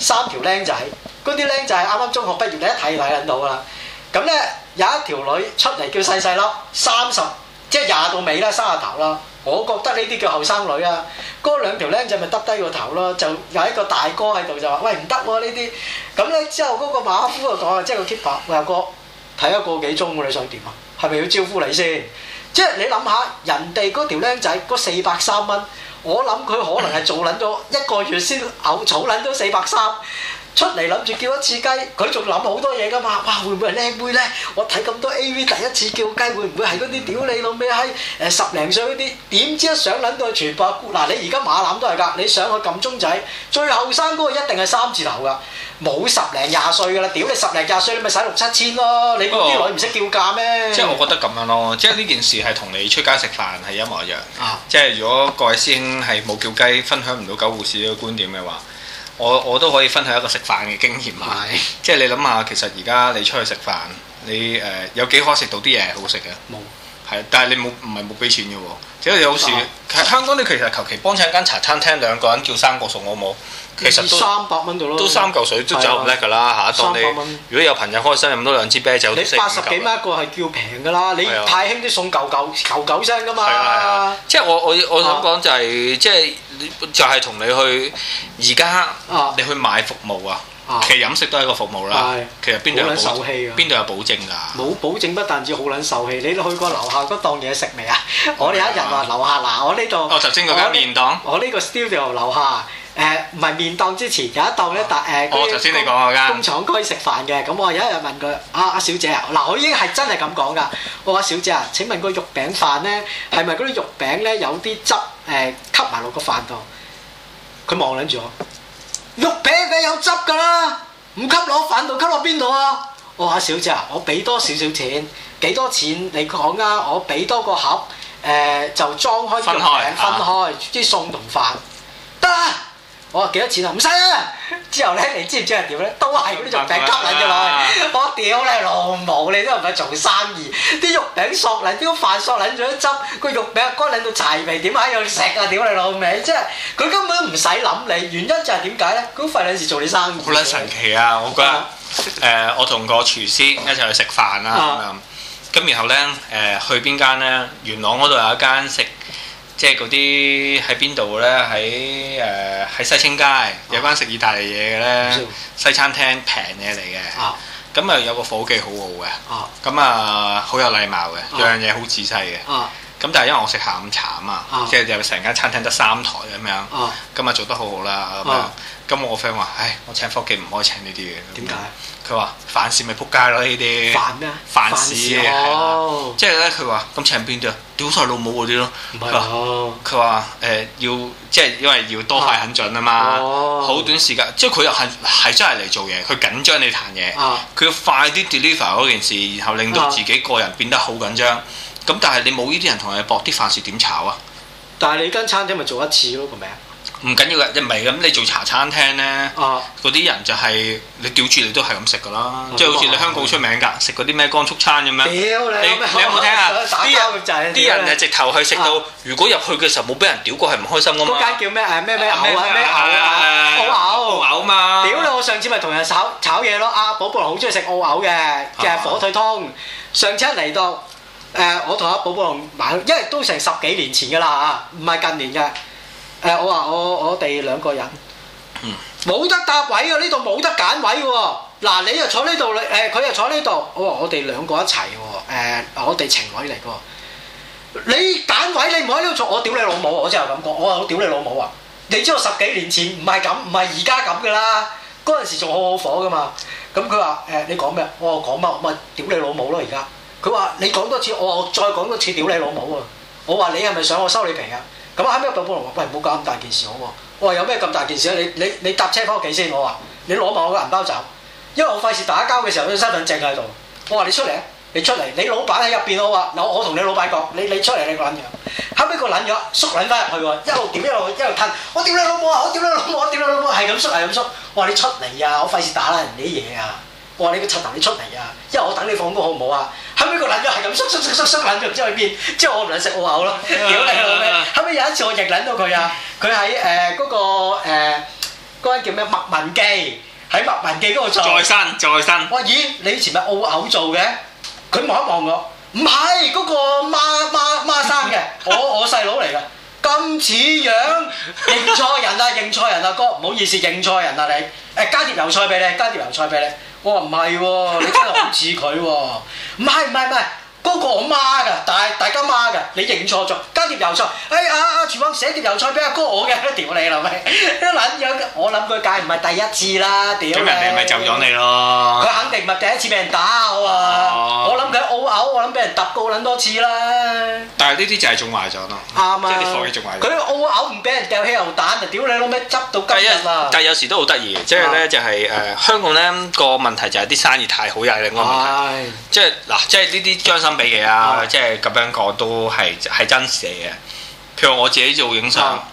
三條僆仔，嗰啲僆仔係啱啱中學畢業，你一睇就睇撚到啦。咁咧有一條女出嚟叫細細粒，三十。即係廿到尾啦，三十頭啦，我覺得呢啲叫後生女啊。嗰兩條僆仔咪耷低個頭咯，就有一個大哥喺度就話：喂，唔得喎呢啲。咁咧之後嗰個馬克夫就講啊，即係個 keeper，我阿哥睇一個幾鐘，你想點啊？係咪要招呼你先？即係你諗下，人哋嗰條僆仔嗰四百三蚊，我諗佢可能係做撚咗一個月先牛草撚咗四百三。出嚟諗住叫一次雞，佢仲諗好多嘢噶嘛？哇！會唔會係靚妹呢？我睇咁多 A.V. 第一次叫雞，會唔會係嗰啲屌你老尾閪？十零歲嗰啲，點知一上撚到全部阿姑嗱？你而家馬攬都係㗎，你上去撳鍾仔，最後生嗰個一定係三字頭㗎，冇十零廿歲㗎啦！屌你十零廿歲，你咪使六七千咯！你啲女唔識叫價咩、哦？即係我覺得咁樣咯，即係呢件事係同你出街食飯係一模一樣。啊、即係如果各位師兄係冇叫雞，分享唔到九護士嘅觀點嘅話。我我都可以分享一個食飯嘅經驗啊！嗯、 即係你諗下，其實而家你出去食飯，你誒、呃、有幾可食到啲嘢好食嘅？冇係有，但係你冇唔係冇俾錢嘅喎？即係有時，啊、香港你其實求其幫襯間茶餐廳，兩個人叫三個餸，好冇？其實都三百蚊度囉，都三嚿水都走唔叻噶啦嚇，當你如果有朋友開心飲多兩支啤酒，你八十幾蚊一個係叫平噶啦，你太興啲送嚿嚿嚿嚿聲噶嘛。即係我我我想講就係即係就係同你去而家你去買服務啊，其實飲食都係一個服務啦。其實邊度邊度有保證㗎？冇保證不但止好撚受氣，你去過樓下嗰檔嘢食未啊？我哋一日話樓下嗱，我呢度我頭先嗰間連檔，我呢個 studio 樓下。誒，唔係麵檔之前有一檔咧，但，我頭先你講下㗎，佢工廠區食飯嘅，咁、嗯、我有一日問佢啊，阿小姐啊，嗱，我已經係真係咁講噶。我、哦、話小姐啊，請問個肉餅飯咧係咪嗰啲肉餅咧有啲汁誒、呃、吸埋落個飯度？佢望撚住我，肉餅梗有汁噶啦，唔吸攞飯度，吸落邊度啊？我話小姐啊，我俾多少少錢？幾多錢你講啊？我俾多個盒誒、呃、就裝開肉餅分開啲餸同飯得啦。我話幾多錢啊？唔使啦！之後咧，你知唔知係點咧？都係嗰啲肉餅吸引住落去。我屌你老母！你都唔係做生意，啲肉餅嗦嚟，啲飯嗦捻咗一汁，個肉餅乾捻到柴皮，點喺度食啊？屌你老味！即係佢根本唔使諗你，原因就係點解咧？佢費撚事做你生意。好啦，神奇啊！我嗰日！誒、啊 呃，我同個廚師一齊去食飯啦，咁，然後咧誒、呃，去邊間咧？元朗嗰度有一間食。即係嗰啲喺邊度咧？喺誒喺西青街、啊、有班食意大利嘢嘅咧，西餐廳平嘢嚟嘅。咁啊有個伙計好好嘅，咁啊、嗯、好有禮貌嘅，啊、樣嘢好仔細嘅。咁、啊、但係因為我食下午茶啊嘛，啊即係成間餐廳得三台咁、啊、樣。今日做得好好啦咁啊，咁我 friend 話：唉，我請伙計唔可以請呢啲嘢，點解？佢話：凡事咪撲街咯，呢啲。凡事即係咧，佢話：咁長邊就屌晒老母嗰啲咯。佢話：誒要即係因為要多快很準啊嘛。好短時間，即係佢又係係真係嚟做嘢，佢緊張你彈嘢。佢要快啲 deliver 嗰件事，然後令到自己個人變得好緊張。咁但係你冇呢啲人同你搏啲凡事點炒啊？但係你間餐廳咪做一次咯，個名。唔緊要嘅，一唔係咁你做茶餐廳咧，嗰啲人就係你屌住你都係咁食噶啦，即係好似你香港出名噶，食嗰啲咩光速餐咁。屌你！你有冇聽啊？啲人係直頭去食到，如果入去嘅時候冇俾人屌過係唔開心㗎嘛。嗰間叫咩咩咩咩咩咩？澳牛，牛嘛。屌你！我上次咪同人炒炒嘢咯，阿寶寶好中意食澳牛嘅嘅火腿湯，上次一嚟到，誒我同阿寶寶龍買，因為都成十幾年前㗎啦嚇，唔係近年嘅。誒、呃、我話我我哋兩個人，冇、嗯、得搭位喎、啊，呢度冇得揀位喎、啊。嗱你又坐呢度、呃啊呃啊，你誒佢又坐呢度。我話我哋兩個一齊喎，我哋情侶嚟噶。你揀位你唔喺呢度坐，我屌你老母、啊，我真係咁講，我話我屌你老母啊！你知道我十幾年前唔係咁，唔係而家咁噶啦。嗰陣時仲好好火噶嘛。咁佢話誒你講咩？我話講乜？我咪屌你老母咯而家。佢話你講多次，我再講多次屌你老母啊。」我話你係咪、啊、想我收你皮啊？咁啊！後屘阿伯幫我話：喂，唔好搞咁大件事好喎！我話有咩咁大件事咧？你你你搭車翻屋企先，我話。你攞埋我個銀包走，因為我費事打交嘅時候，身份證仲正喺度。我話你出嚟，你出嚟，你老闆喺入邊，我話。嗱，我同你老闆講，你你出嚟，你個撚樣。後屘個撚嘢縮撚翻入去喎，一路點一路一路吞。我屌你老母啊！我屌你老母！我屌你老母係咁縮係咁縮。我話你出嚟呀！我費事打爛人哋啲嘢啊！我話你個陳伯，你，你出嚟啊！因為我等你放工，好唔好啊？後尾個撚咗係咁，縮縮縮縮縮撚咗唔知去邊。之後我唔想食，澳嘔澳牛啦，屌你老味！後尾有一次我亦撚到佢啊！佢喺誒嗰個誒嗰間叫咩麥文記，喺麥文記嗰度做。再生，再生。我咦，你以前咪澳牛做嘅？佢望一望我，唔係嗰個孖孖生嘅， 我我細佬嚟㗎。咁似樣，認錯人啦，認錯人啦，哥唔好意思，認錯人啦你，誒、哎、加碟油菜畀你，加碟油菜畀你，我話唔係喎，你真係好似佢喎，唔係唔係唔係。嗰個我媽㗎，大大家媽㗎，你認錯咗，加碟油菜，哎啊啊廚房寫碟油菜俾阿哥，哥我嘅，屌你老味，撚 我諗佢梗係唔係第一次啦，屌！咁人哋咪就咗你咯，佢肯定唔係第一次俾人打我啊，啊我諗佢澳拗，我諗俾人揼高撚多次啦。但係呢啲就係種壞咗咯，啱啊，即係啲貨嘢種壞。佢澳拗唔俾人掉汽油彈，屌你老味，執到雞啊！但係有時都好得意，即係咧 就係、是、誒、呃、香港咧個問題就係啲生意太好曳啦，我覺得，即係嗱，即係呢啲俾嘢啊！即係咁樣講都係係真實嘅。譬如我自己做影相，啊、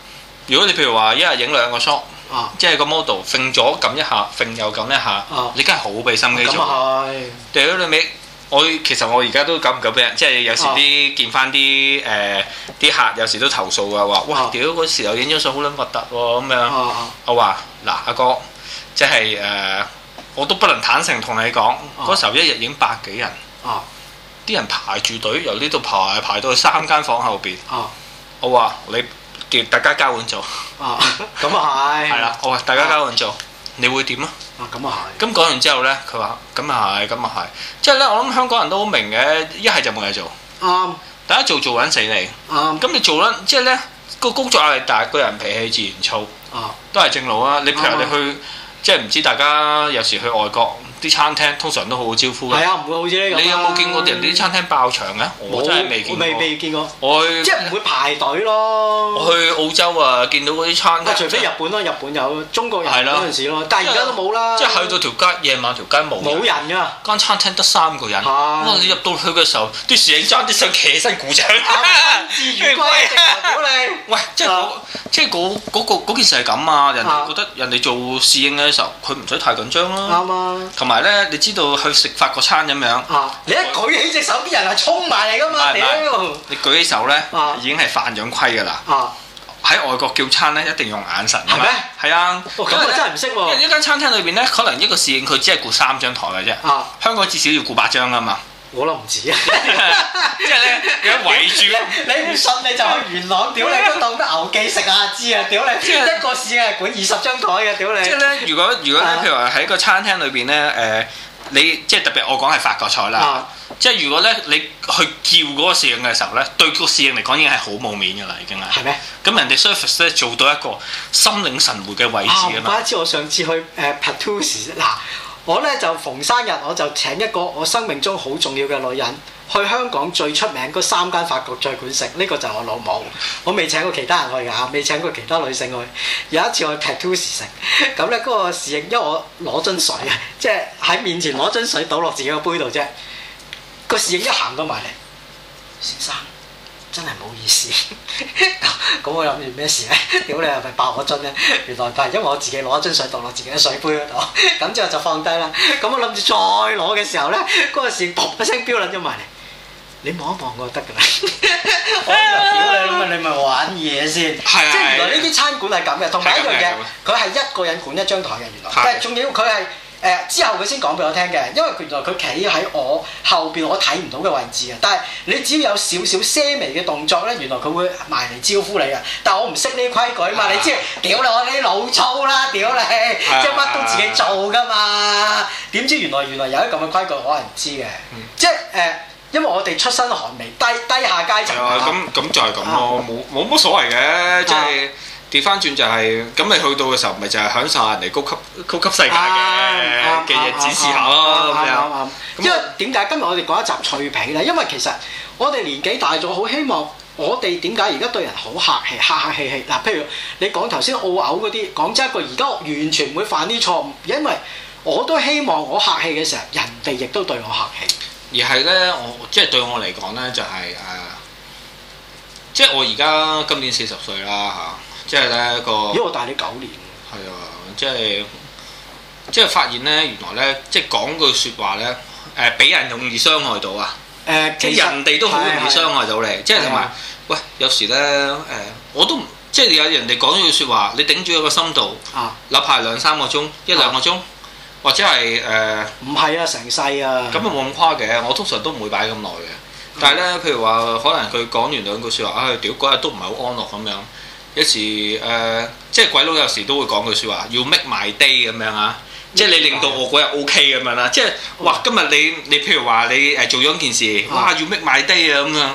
如果你譬如話一日影兩個 shop，、啊、即係個 model 揈咗撳一下，揈又撳一下，你梗係好俾心機做。屌你尾，我其實我而家都敢唔敢俾人？即係有時啲見翻啲誒，啲、呃、客有時都投訴啊，話哇屌嗰時候影咗相好撚核突喎咁樣。我話嗱阿哥，即係誒，我都不能坦誠同你講，嗰時候一日影百幾人。啲人排住隊由呢度排排到去三間房後邊。哦、啊，我話你，叫大家交換做。哦、啊，咁啊係。係啦， 我話大家交換做，啊、你會點啊？咁啊係。咁講完之後咧，佢話：咁啊係，咁啊係。即係咧，我諗香港人都好明嘅，一係就冇嘢做。啊、大家做做穩死你。咁、啊、你做咧，即係咧個工作壓力大，個人脾氣自然燥。啊。都係正路啊！你譬如你去，即係唔知大家有時去外國。啲餐廳通常都好好招呼嘅。係啊，唔會好似你咁。你有冇見過人哋啲餐廳爆場嘅？我真係未見過。未未見過。我即係唔會排隊咯。我去澳洲啊，見到嗰啲餐廳。除非日本咯，日本有中國人嗰陣時咯，但係而家都冇啦。即係去到條街夜晚條街冇。冇人㗎，間餐廳得三個人。啊！你入到去嘅時候，啲侍應揸啲想企起身鼓掌。喂，即係嗰即係嗰件事係咁啊！人哋覺得人哋做侍應嘅時候，佢唔使太緊張啦。啱啊。同埋咧，你知道去食法國餐咁樣、啊，你一舉起隻手啲人係衝埋嚟㗎嘛？你舉起手咧，啊、已經係犯樣規㗎啦。喺、啊、外國叫餐咧，一定用眼神。係咪嗎？係啊。咁我真係唔識。因為一間餐廳裏邊咧，可能一個侍應佢只係顧三張台嘅啫。啊、香港至少要顧八張啊嘛。我都唔止啊 即！即係你，你圍住咧。你唔信你就去元朗，屌 你都當得牛記食阿知啊！屌你即一個侍應管二十張台嘅屌、呃、你。即係咧，如果如果譬如話喺個餐廳裏邊咧，誒，你即係特別我講係法國菜啦。啊、即係如果咧，你去叫嗰個侍應嘅時候咧，對個侍應嚟講已經係好冇面噶啦，已經係。係咩嗎？咁人哋 service 咧做到一個心領神會嘅位置啊嘛。我知我上次去誒 Petrus 嗱。呃我咧就逢生日我就請一個我生命中好重要嘅女人去香港最出名嗰三間法國菜館食，呢個就係我老母。我未請過其他人去㗎嚇，未請過其他女性去。有一次我去 Tatouise 食，咁咧嗰個侍應，因為我攞樽水嘅，即係喺面前攞樽水倒落自己個杯度啫。個侍應一行到埋嚟，先生。真係冇意思，咁 我諗住咩事呢？屌 你係咪爆我樽呢？原來但係因為我自己攞樽水倒落自己嘅水杯嗰度，咁 之後就放低啦。咁我諗住再攞嘅時候呢，嗰陣時噗一聲飆撚咗埋嚟，你望一望 我得㗎啦。我屌 你，你，唔係你咪玩嘢先。 吧即係原來呢啲餐館係咁嘅，同埋一樣嘢，佢係一個人管一張台嘅原來，的但係仲要佢係。誒、嗯、之後佢先講俾我聽嘅，因為原來佢企喺我後邊，我睇唔到嘅位置啊！但係你只要有少少些微嘅動作咧，原來佢會埋嚟招呼你啊！但我唔識呢規矩啊嘛，啊你知，屌、啊、你 wounds, 我啲老粗啦，屌你，啊、即係乜都自己做噶嘛！點知原來原來有啲咁嘅規矩，我係唔知嘅，即係誒、呃，因為我哋出身寒微，低低下階層咁咁就係咁咯，冇冇乜所謂嘅，即係。調翻轉就係、是、咁，你去到嘅時候，咪就係享受下人哋高級高級世界嘅嘅嘢，展示下咯咁樣。因為點解今日我哋講一集脆皮咧？因為其實我哋年紀大咗，好希望我哋點解而家對人好客氣，客客氣氣嗱、啊。譬如你講頭先拗口嗰啲講真一句，而家我完全唔會犯啲錯誤，因為我都希望我客氣嘅時候，人哋亦都對我客氣。而係咧，我即係、就是、對我嚟講咧，就係誒，即係我而家今年四十歲啦，嚇、啊。即係咧個，因為我大你九年。係啊，即係即係發現咧，原來咧，即係講句説話咧，誒俾人容易傷害到啊！誒，其實人哋都好容易傷害到你。即係同埋，喂，有時咧，誒我都即係有人哋講咗句説話，你頂住喺個心度，啊，立下兩三個鐘，一、啊、兩個鐘，或者係誒？唔係啊，成世啊！咁啊冇咁誇嘅，我通常都唔會擺咁耐嘅。但係咧，譬如話，可能佢講完兩句説話，啊，哎，屌嗰日都唔係好安樂咁樣。有時誒、呃，即係鬼佬有時都會講句説話，要 make my day 咁樣啊，嗯、即係你令到我嗰日 O K 咁樣啦，嗯、即係哇，今日你你譬如話你誒做咗件事，啊、哇，要 make my day 啊咁樣，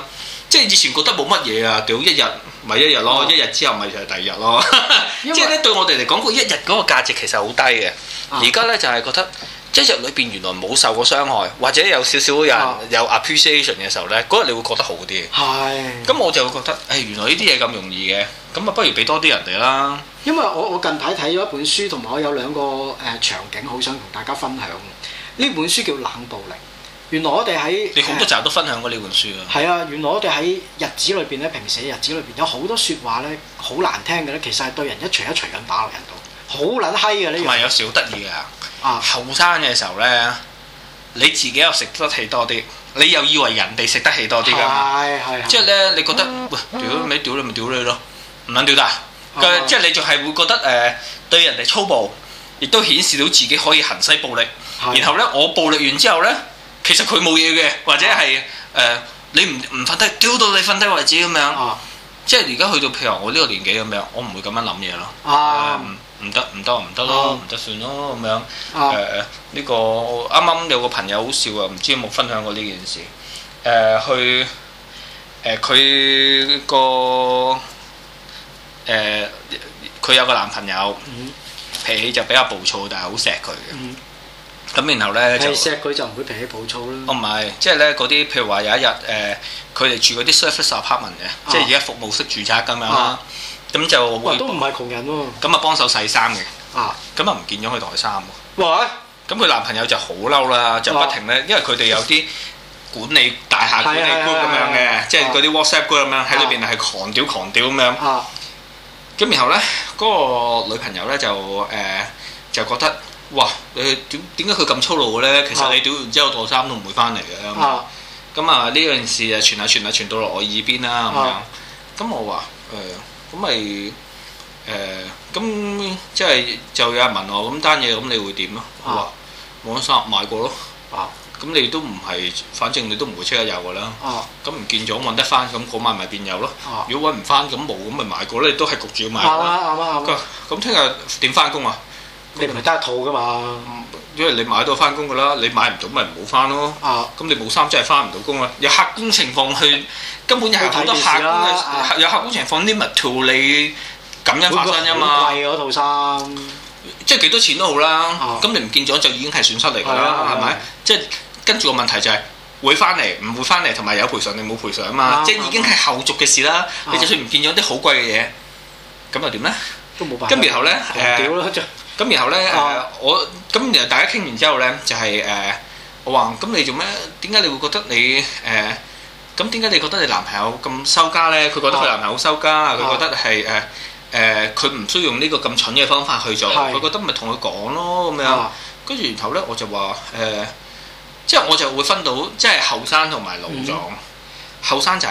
即係以前覺得冇乜嘢啊，屌一日咪一日咯，一日之後咪就係第二日咯，即係咧對我哋嚟講，嗰一日嗰個價值其實好低嘅，而家咧就係覺得一日裏邊原來冇受過傷害，或者有少少人有 appreciation 嘅時候咧，嗰日你會覺得好啲，係、嗯，咁我就，覺、哎、就點點點點會覺得誒、哎，原來呢啲嘢咁容易嘅。咁啊，不如俾多啲人哋啦。因為我我近排睇咗一本書，同埋我有兩個誒場景，好想同大家分享。呢本書叫冷暴力。原來我哋喺你好多集都分享過呢本書啊。係啊，原來我哋喺日子裏邊咧，平時日子裏邊有好多説話咧，好難聽嘅咧，其實係對人一錘一錘咁打落人度，好撚閪嘅呢樣。唔係有少得意嘅。啊！後生嘅時候咧，你自己又食得起多啲，你又以為人哋食得起多啲㗎嘛？係係。即係咧，你覺得喂，屌你屌你咪屌你咯。唔撚吊打，即係你就係會覺得誒、呃、對人哋粗暴，亦都顯示到自己可以行使暴力。的然後呢，我暴力完之後呢，其實佢冇嘢嘅，或者係誒、啊呃、你唔唔瞓低，吊到你瞓低為止咁樣。啊、即係而家去到譬如我呢個年紀咁樣，我唔會咁樣諗嘢咯。唔唔、啊呃、得唔得唔得咯，唔得算咯咁樣。誒呢、啊呃這個啱啱有個朋友好笑啊，唔知有冇分享過呢件事？誒去佢個。誒，佢有個男朋友，脾氣就比較暴躁，但係好錫佢嘅。咁然後咧就係錫佢就唔會脾氣暴躁哦，唔係，即係咧嗰啲，譬如話有一日誒，佢哋住嗰啲 service apartment 嘅，即係而家服務式住宅咁樣啦。咁就哇，都唔係窮人喎。咁啊，幫手洗衫嘅。啊，咁啊唔見咗佢台衫喎。咁佢男朋友就好嬲啦，就不停咧，因為佢哋有啲管理大廈管理 group 咁樣嘅，即係嗰啲 WhatsApp group 咁樣喺裏邊係狂屌狂屌咁樣。咁然後咧，嗰、那個女朋友咧就誒、呃、就覺得哇，你點點解佢咁粗魯嘅咧？啊、其實你屌完之後，套衫都唔會翻嚟嘅。咁啊，呢、啊、件事傳傳傳傳啊傳下傳下傳到落我耳邊啦。咁我話誒，咁咪誒，咁即係就有人問我咁單嘢，咁、嗯、你會點啊？我話網上買過咯。啊咁你都唔係，反正你都唔會出得有噶啦。咁唔見咗揾得翻，咁嗰晚咪變有咯。如果揾唔翻，咁冇咁咪買過咧，你都係焗住要買啦。咁聽日點翻工啊？你唔係得一套噶嘛？因為你買到翻工噶啦，你買唔到咪唔好翻咯。啊！咁你冇衫真係翻唔到工啦。有客觀情況去，根本又係好多客觀有客觀情況 limit to 你咁樣發生噶嘛？貴嗰套衫，即係幾多錢都好啦。咁你唔見咗就已經係損失嚟噶啦，係咪？即係。跟住個問題就係會翻嚟唔會翻嚟，同埋有賠償你冇賠償啊嘛！即係已經係後續嘅事啦。你就算唔見咗啲好貴嘅嘢，咁又點咧？都冇辦。跟住然後咧咁然後咧誒，我咁然後大家傾完之後咧，就係誒，我話咁你做咩？點解你會覺得你誒咁點解你覺得你男朋友咁收家咧？佢覺得佢男朋友好收家，佢覺得係誒誒，佢唔需要用呢個咁蠢嘅方法去做，佢覺得咪同佢講咯咁樣。跟住然後咧，我就話誒。即係我就會分到，即係後生同埋老壯。後生仔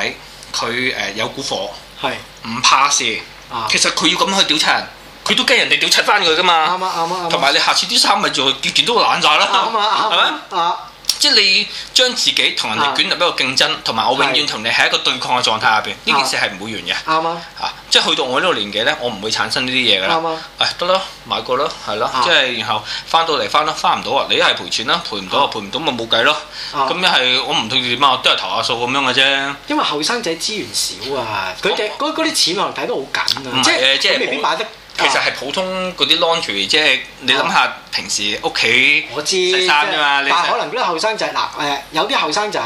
佢誒有股火，唔是怕事。啊、其實佢要咁去屌七人，佢都驚人哋屌七翻佢噶嘛。同埋、啊啊啊啊、你下次啲衫咪就件件都爛晒啦，係咪？即係你將自己同人哋捲入一個競爭，同埋我永遠同你喺一個對抗嘅狀態下邊，呢件事係唔會完嘅。啱啊！即係去到我呢個年紀咧，我唔會產生呢啲嘢㗎啦。啱啊！誒，得啦，買過啦，係咯，即係然後翻到嚟翻啦，翻唔到啊，你係賠錢啦，賠唔到啊，賠唔到咪冇計咯。咁一係我唔同住我都係投下數咁樣嘅啫。因為後生仔資源少啊，佢哋嗰啲錢可能睇得好緊啊。即係即係未必買得。其實係普通嗰啲 laundry，er，即係你諗下平時屋企洗衫啫嘛。你但係可能嗰啲後生仔，嗱誒，有啲後生仔，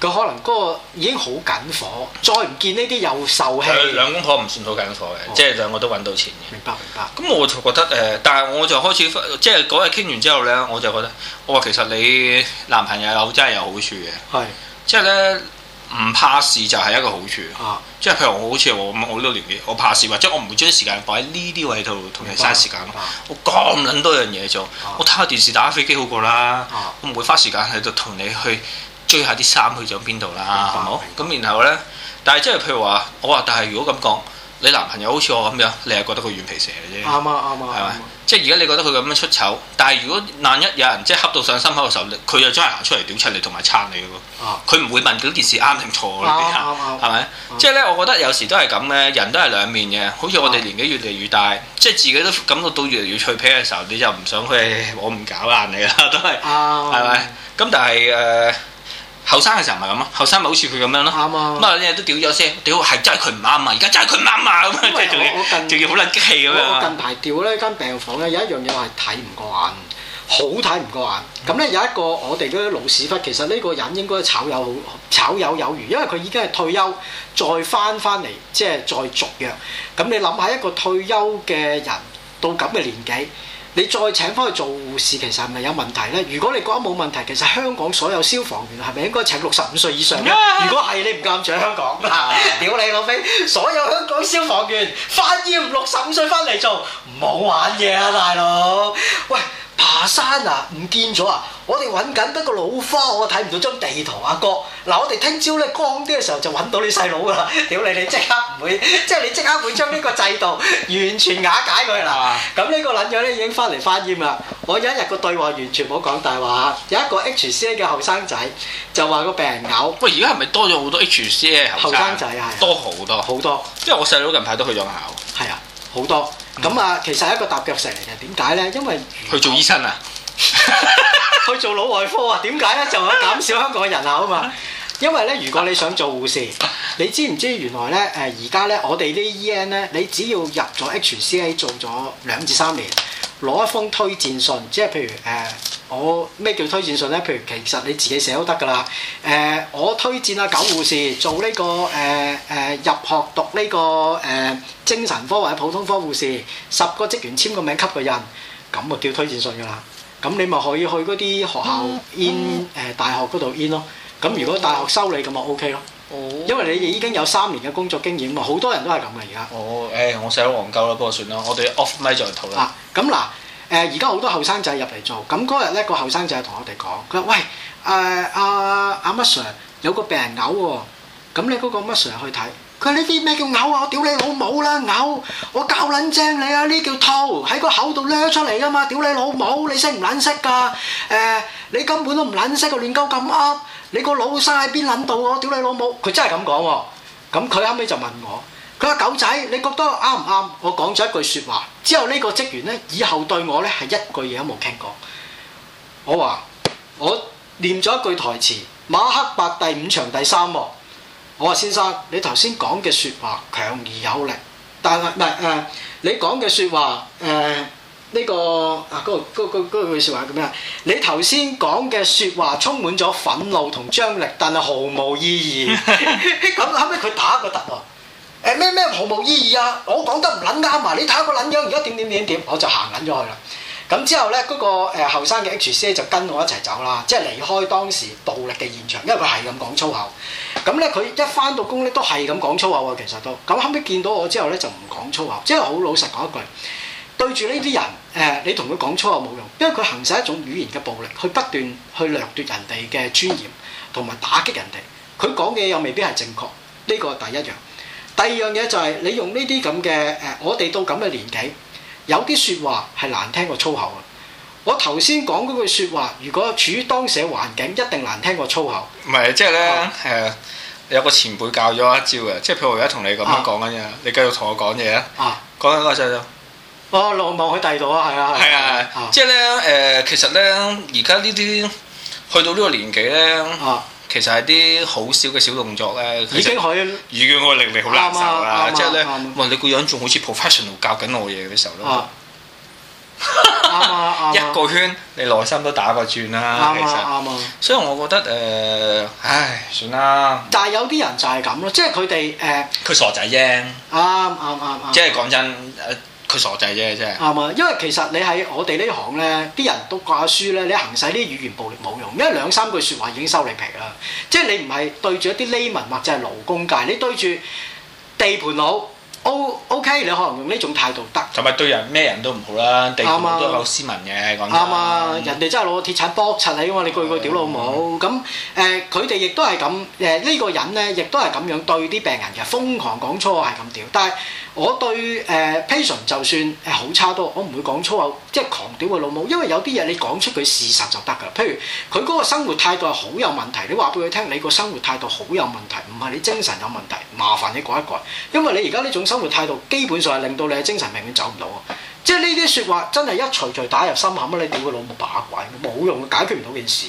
佢可能嗰個已經好緊火，再唔見呢啲又受氣。兩公婆唔算好緊火嘅，即係、哦、兩個都搵到錢嘅。明白明白。咁我就覺得誒，但係我就開始即係嗰日傾完之後咧，我就覺得我話、哦、其實你男朋友有真係有好處嘅，係即係咧。唔怕事就係一個好處，啊、即係譬如好我好似我我呢個年紀，我怕事，或者我唔會將時間擺喺呢啲位度同你嘥白時間咯。啊、我咁撚多樣嘢做，啊、我睇下電視打下飛機好過啦。啊、我唔會花時間喺度同你去追下啲衫去咗邊度啦，係冇白。咁然後咧，但係即係譬如話，我話但係如果咁講。你男朋友好似我咁樣，你係覺得佢軟皮蛇嘅啫。啱啊啱啊，係咪？吧即係而家你覺得佢咁樣出醜，但係如果萬一有人即係恰到上心口嘅時候，佢就將人出嚟屌出嚟同埋撐你嘅喎。佢唔、啊、會問啲件事啱定錯。啱啱啱，係咪？即係咧，我覺得有時都係咁嘅，人都係兩面嘅。好似我哋年紀越嚟越大，啊、即係自己都感覺到越嚟越脆皮嘅時候，你就唔想佢、哎、我唔搞爛你啦，都係。啊！係咪、啊？咁吧但係誒。呃後生嘅時候唔係咁啊，後生咪好似佢咁樣咯，乜嘢都屌咗先，屌係真係佢唔啱啊，而家真係佢唔啱啊，咁即係仲要仲要好撚激氣咁啊！我近排屌呢間病房咧，有一樣嘢我係睇唔過眼，好睇唔過眼。咁咧、嗯、有一個我哋嗰啲老屎忽，其實呢個人應該炒友好炒友有餘，因為佢已經係退休，再翻翻嚟即係再續約。咁你諗下一個退休嘅人到咁嘅年紀。你再請翻去做護士，其實係咪有問題呢？如果你覺得冇問題，其實香港所有消防員係咪應該請六十五歲以上咧？啊、如果係，你唔夠膽住喺香港㗎？屌你、啊、 老飛！所有香港消防員，翻業六十五歲翻嚟做，唔好、嗯、玩嘢啊，大佬！喂。爬山啊，唔見咗啊！我哋揾緊，不過老花我睇唔到張地圖，阿哥。嗱，我哋聽朝咧光啲嘅時候就揾到你細佬噶啦。屌你，你即刻唔會，即係你即刻會將呢個制度完全瓦解佢啦。咁呢 個撚樣咧已經翻嚟翻厭啦。我有一日個對話完全冇講大話。有一個 H C A 嘅後生仔就話個病人嘔。喂，而家係咪多咗好多 H C A 後生仔啊？多好多好多，即係我細佬近排都去咗考。係啊，好多。咁啊，嗯、其實係一個踏腳石嚟嘅，點解咧？因為去做醫生啊， 去做腦外科啊，點解咧？就係、是、減少香港嘅人口啊嘛。 因為咧，如果你想做護士，你知唔知原來咧？誒，而家咧，我哋呢啲 E.N. 咧，你只要入咗 H.C.A. 做咗兩至三年。攞一封推薦信，即係譬如誒、呃，我咩叫推薦信呢？譬如其實你自己寫都得㗎啦。誒、呃，我推薦阿、啊、九護士做呢、這個誒誒、呃、入學讀呢、這個誒、呃、精神科或者普通科護士，十個職員簽個名給人，蓋個印，咁就叫推薦信㗎啦。咁你咪可以去嗰啲學校 in 誒、嗯嗯呃、大學嗰度 in 咯。咁如果大學收你、OK，咁咪 OK 咯。因為你已經有三年嘅工作經驗，好多人都係咁嘅。而家，哦，誒，我寫咗黃鳩啦，不過算啦，我哋 off 咪再討論啦。啊，咁嗱，誒，而家好多後生仔入嚟做，咁嗰日咧個後生仔同我哋講，佢話：喂，誒阿阿乜 sir 有個病人嘔喎，咁你嗰個乜 sir 去睇？佢話：呢啲咩叫嘔啊？我屌你老母啦嘔！我教撚正你啊，呢叫吐，喺個口度掠出嚟㗎嘛！屌你老母，你識唔撚識㗎？誒，你根本都唔撚識個亂鳩咁噏。你個老細喺邊撚到我？屌你老母！佢真係咁講喎。咁佢後尾就問我，佢話狗仔，你覺得啱唔啱？我講咗一句説話之後，呢個職員呢，以後對我呢係一句嘢都冇傾過。我話我念咗一句台詞，《馬克白第五場第三幕》哦。我話先生，你頭先講嘅説話強而有力，但係唔係誒？你講嘅説話誒？呃呢、這個啊嗰句説話叫咩？你頭先講嘅説話充滿咗憤怒同張力，但係毫無意義。咁 後尾佢打個突喎，咩、欸、咩毫無意義啊！我講得唔撚啱啊！你睇下個撚樣而家點點點點，我就行撚咗去啦。咁之後咧，嗰、那個誒後生嘅 HCA 就跟我一齊走啦，即係離開當時暴力嘅現場，因為佢係咁講粗口。咁咧，佢一返到工咧都係咁講粗口喎，其實都咁後尾見到我之後咧就唔講粗口，即係好老實講一句。對住呢啲人，誒、呃，你同佢講粗口冇用，因為佢行使一種語言嘅暴力，去不斷去掠奪人哋嘅尊嚴，同埋打擊人哋。佢講嘅嘢又未必係正確，呢、這個係第一樣。第二樣嘢就係、是、你用呢啲咁嘅誒，我哋到咁嘅年紀，有啲説話係難聽過粗口啊！我頭先講嗰句説話，如果處於當時嘅環境，一定難聽過粗口。唔係，即係咧，誒、啊呃，有個前輩教咗一招嘅，即係譬如而家同你咁樣講緊嘢，你繼續同我講嘢啊！講緊嗰個就哦，望望去第二度啊，係啊，係啊，即係咧，誒，其實咧，而家呢啲去到呢個年紀咧，其實係啲好少嘅小動作咧，已經可以語句我令你好難受啦。即係咧，哇，你個樣仲好似 professional 教緊我嘢嘅時候咯，一個圈你內心都打個轉啦。其實，所以我覺得誒，唉，算啦。但係有啲人就係咁咯，即係佢哋誒，佢傻仔啫。啱啱啱即係講真。佢傻仔啫，真係。係嘛？因為其實你喺我哋呢行咧，啲人都掛書咧，你行使啲語言暴力冇用，因為兩三句説話已經收你皮啦。即係你唔係對住一啲匿文或者係勞工界，你對住地盤佬 O OK，你可能用呢種態度得。就係對人咩人都唔好啦，地盤吧都夠斯文嘅講啱啊！人哋真係攞個鐵鏟剝柒你啊嘛！你句句屌老母好唔好？咁誒、嗯，佢哋亦都係咁誒呢個人咧，亦都係咁樣對啲病人嘅，瘋狂講錯係咁屌，但係。我對誒 patient 就算誒好差多，我唔會講粗口，即係狂屌個老母，因為有啲嘢你講出佢事實就得㗎。譬如佢嗰個生活態度係好有問題，你話俾佢聽，你個生活態度好有問題，唔係你精神有問題，麻煩你改一改，因為你而家呢種生活態度基本上係令到你嘅精神永遠走唔到啊。即係呢啲説話真係一鎚鎚打入心坎啦，你屌佢老母把鬼，冇用，解決唔到件事。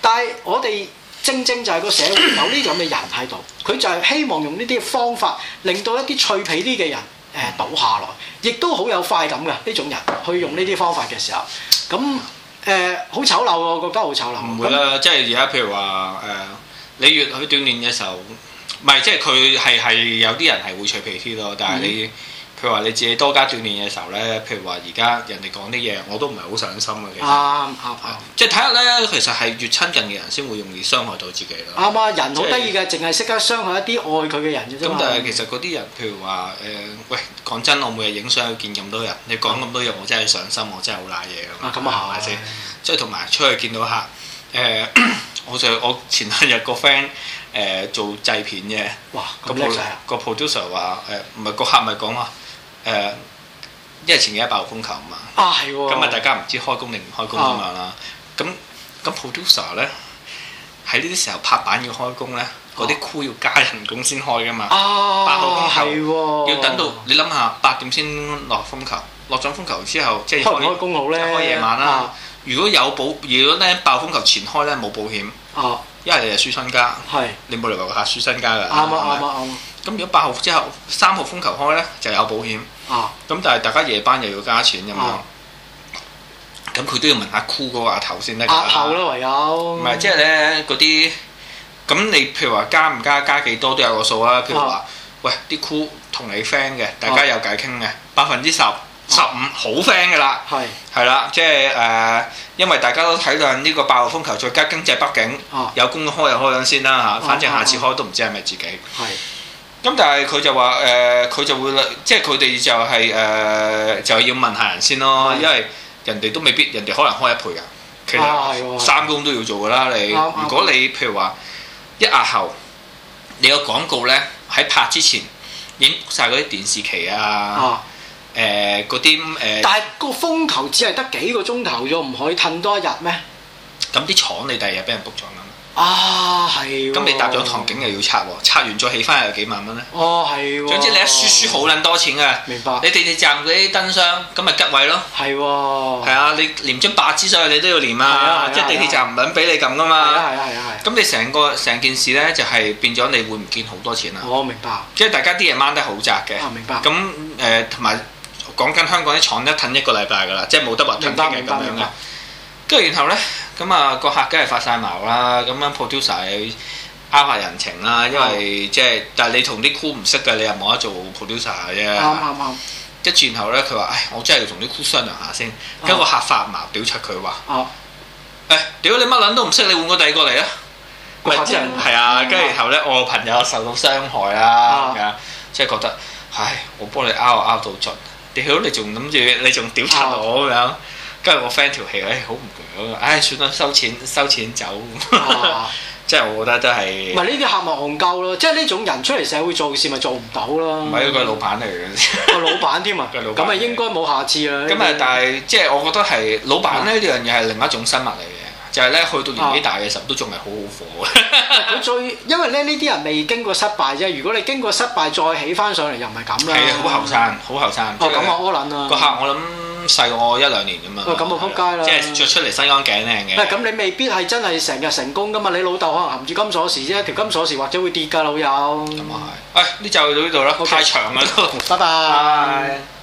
但係我哋。正正就係個社會有呢咁嘅人喺度，佢就係希望用呢啲方法，令到一啲脆皮啲嘅人誒、呃、倒下來，亦都好有快感嘅呢種人去用呢啲方法嘅時候，咁誒好醜陋，我覺得好醜陋。唔會啦，樣即係而家譬如話誒、呃，你越去鍛鍊嘅時候，唔係即係佢係係有啲人係會脆皮啲咯，但係你。嗯譬如話你自己多加鍛鍊嘅時候咧，譬如話而家人哋講啲嘢，我都唔係好上心嘅。其實，啱啱，即係睇下咧，其實係越親近嘅人先會容易傷害到自己咯。啱啊，人好得意嘅，淨係識得傷害一啲愛佢嘅人嘅啫。咁但係其實嗰啲人，譬如話誒，喂，講真，我每日影相見咁多人，你講咁多嘢，我真係上心，我真係好賴嘢嘅。咁啊，咪行下先，即係同埋出去見到客誒，我就我前兩日個 friend 誒做製片嘅。哇，咁叻仔啊！個 producer 話誒，唔係個客咪講嘛。誒，因為前幾日爆八號風球嘛，今日大家唔知開工定唔開工啊嘛啦，咁咁 producer 咧喺呢啲時候拍板要開工咧，嗰啲 crew 要加人工先開噶嘛，八號風球要等到你諗下八點先落風球，落咗風球之後即係開工好咧？開夜晚啦，如果有保，如果咧爆風球前開咧冇保險，因為你輸身家，你冇理由客輸身家噶，啱啊啱啱咁如果八號之後三號風球開咧，就有保險。咁但係大家夜班又要加錢㗎嘛？咁佢都要問阿 Cool 個阿頭先得㗎啦。阿頭啦，唯有。唔係即係咧嗰啲，咁你譬如話加唔加加幾多都有個數啊。譬如話，喂，啲 Cool 同你 friend 嘅，大家有偈傾嘅，百分之十、十五好 friend 㗎啦。係。係啦，即係誒，因為大家都睇到呢個八號風球，再加經濟背景，有工都開又開緊先啦嚇。反正下次開都唔知係咪自己。係。咁但係佢就話誒，佢、呃、就會即係佢哋就係、是、誒、呃，就要問下人先咯，的因為人哋都未必，人哋可能開一倍嘅。其實三公都要做嘅啦。你如果你譬如話一押後，你個廣告咧喺拍之前，影曬嗰啲電視劇啊，誒嗰啲誒，呃呃、但係個風球只係得幾個鐘頭，仲唔可以褪多一日咩？咁啲廠你第日俾人 book 咗啊！啊，係咁你搭咗唐景又要拆，拆完再起翻又有幾萬蚊咧。哦，係。總之你一輸，輸好捻多錢嘅。明白。你地鐵站嗰啲燈箱，咁咪吉位咯。係喎。係啊，你連張白紙上去你都要連啊，即係地鐵站唔捻俾你咁噶嘛。係啊係啊係。咁你成個成件事咧，就係變咗你會唔見好多錢啦。我明白。即係大家啲嘢掹得好窄嘅。啊，明白。咁誒，同埋講緊香港啲廠一褪一個禮拜噶啦，即係冇得話褪嘅咁樣啦。跟住然後咧。咁啊，個客梗係發晒毛啦！咁樣 producer 拗下人情啦，因為即係，但係你同啲 cool 唔識嘅，你又冇得做 producer 嘅啫。啱啱啱！即係然後咧，佢話，唉，我真係要同啲 cool 商量下先。跟住個客發毛屌柒佢話，唉，屌你乜撚都唔識，你換個第二個嚟啊。」咪係啊！跟住然後咧，我朋友受到傷害啊，即係覺得，唉，我幫你拗拗到盡，屌你仲諗住你仲屌柒我咁樣。跟住我 friend 條戲，唉，好唔妥，唉，算啦收錢，收錢走，即係我覺得都係。唔係呢啲客咪憨鳩咯，即係呢種人出嚟社會做事咪做唔到咯。唔係一個老闆嚟嘅，個老闆添啊，老闆，咁咪應該冇下次啦。咁啊，但係即係我覺得係老闆咧，呢樣嘢係另一種生物嚟嘅，就係咧，去到年紀大嘅時候都仲係好好火。佢最，因為咧呢啲人未經過失敗啫，如果你經過失敗再起翻上嚟，又唔係咁啦。佢好後生，好後生。哦，咁我屙撚啦個客，我諗。細我一兩年咁嘛？咁我撲街啦，即係着出嚟身幹頸靚嘅。咁、嗯、你未必係真係成日成功噶嘛？你老豆可能含住金鎖匙啫，嗯、條金鎖匙或者會跌噶老友。咁啊係，呢、嗯哎、就到呢度啦，Okay. 太長啦都。拜拜。Bye bye bye bye.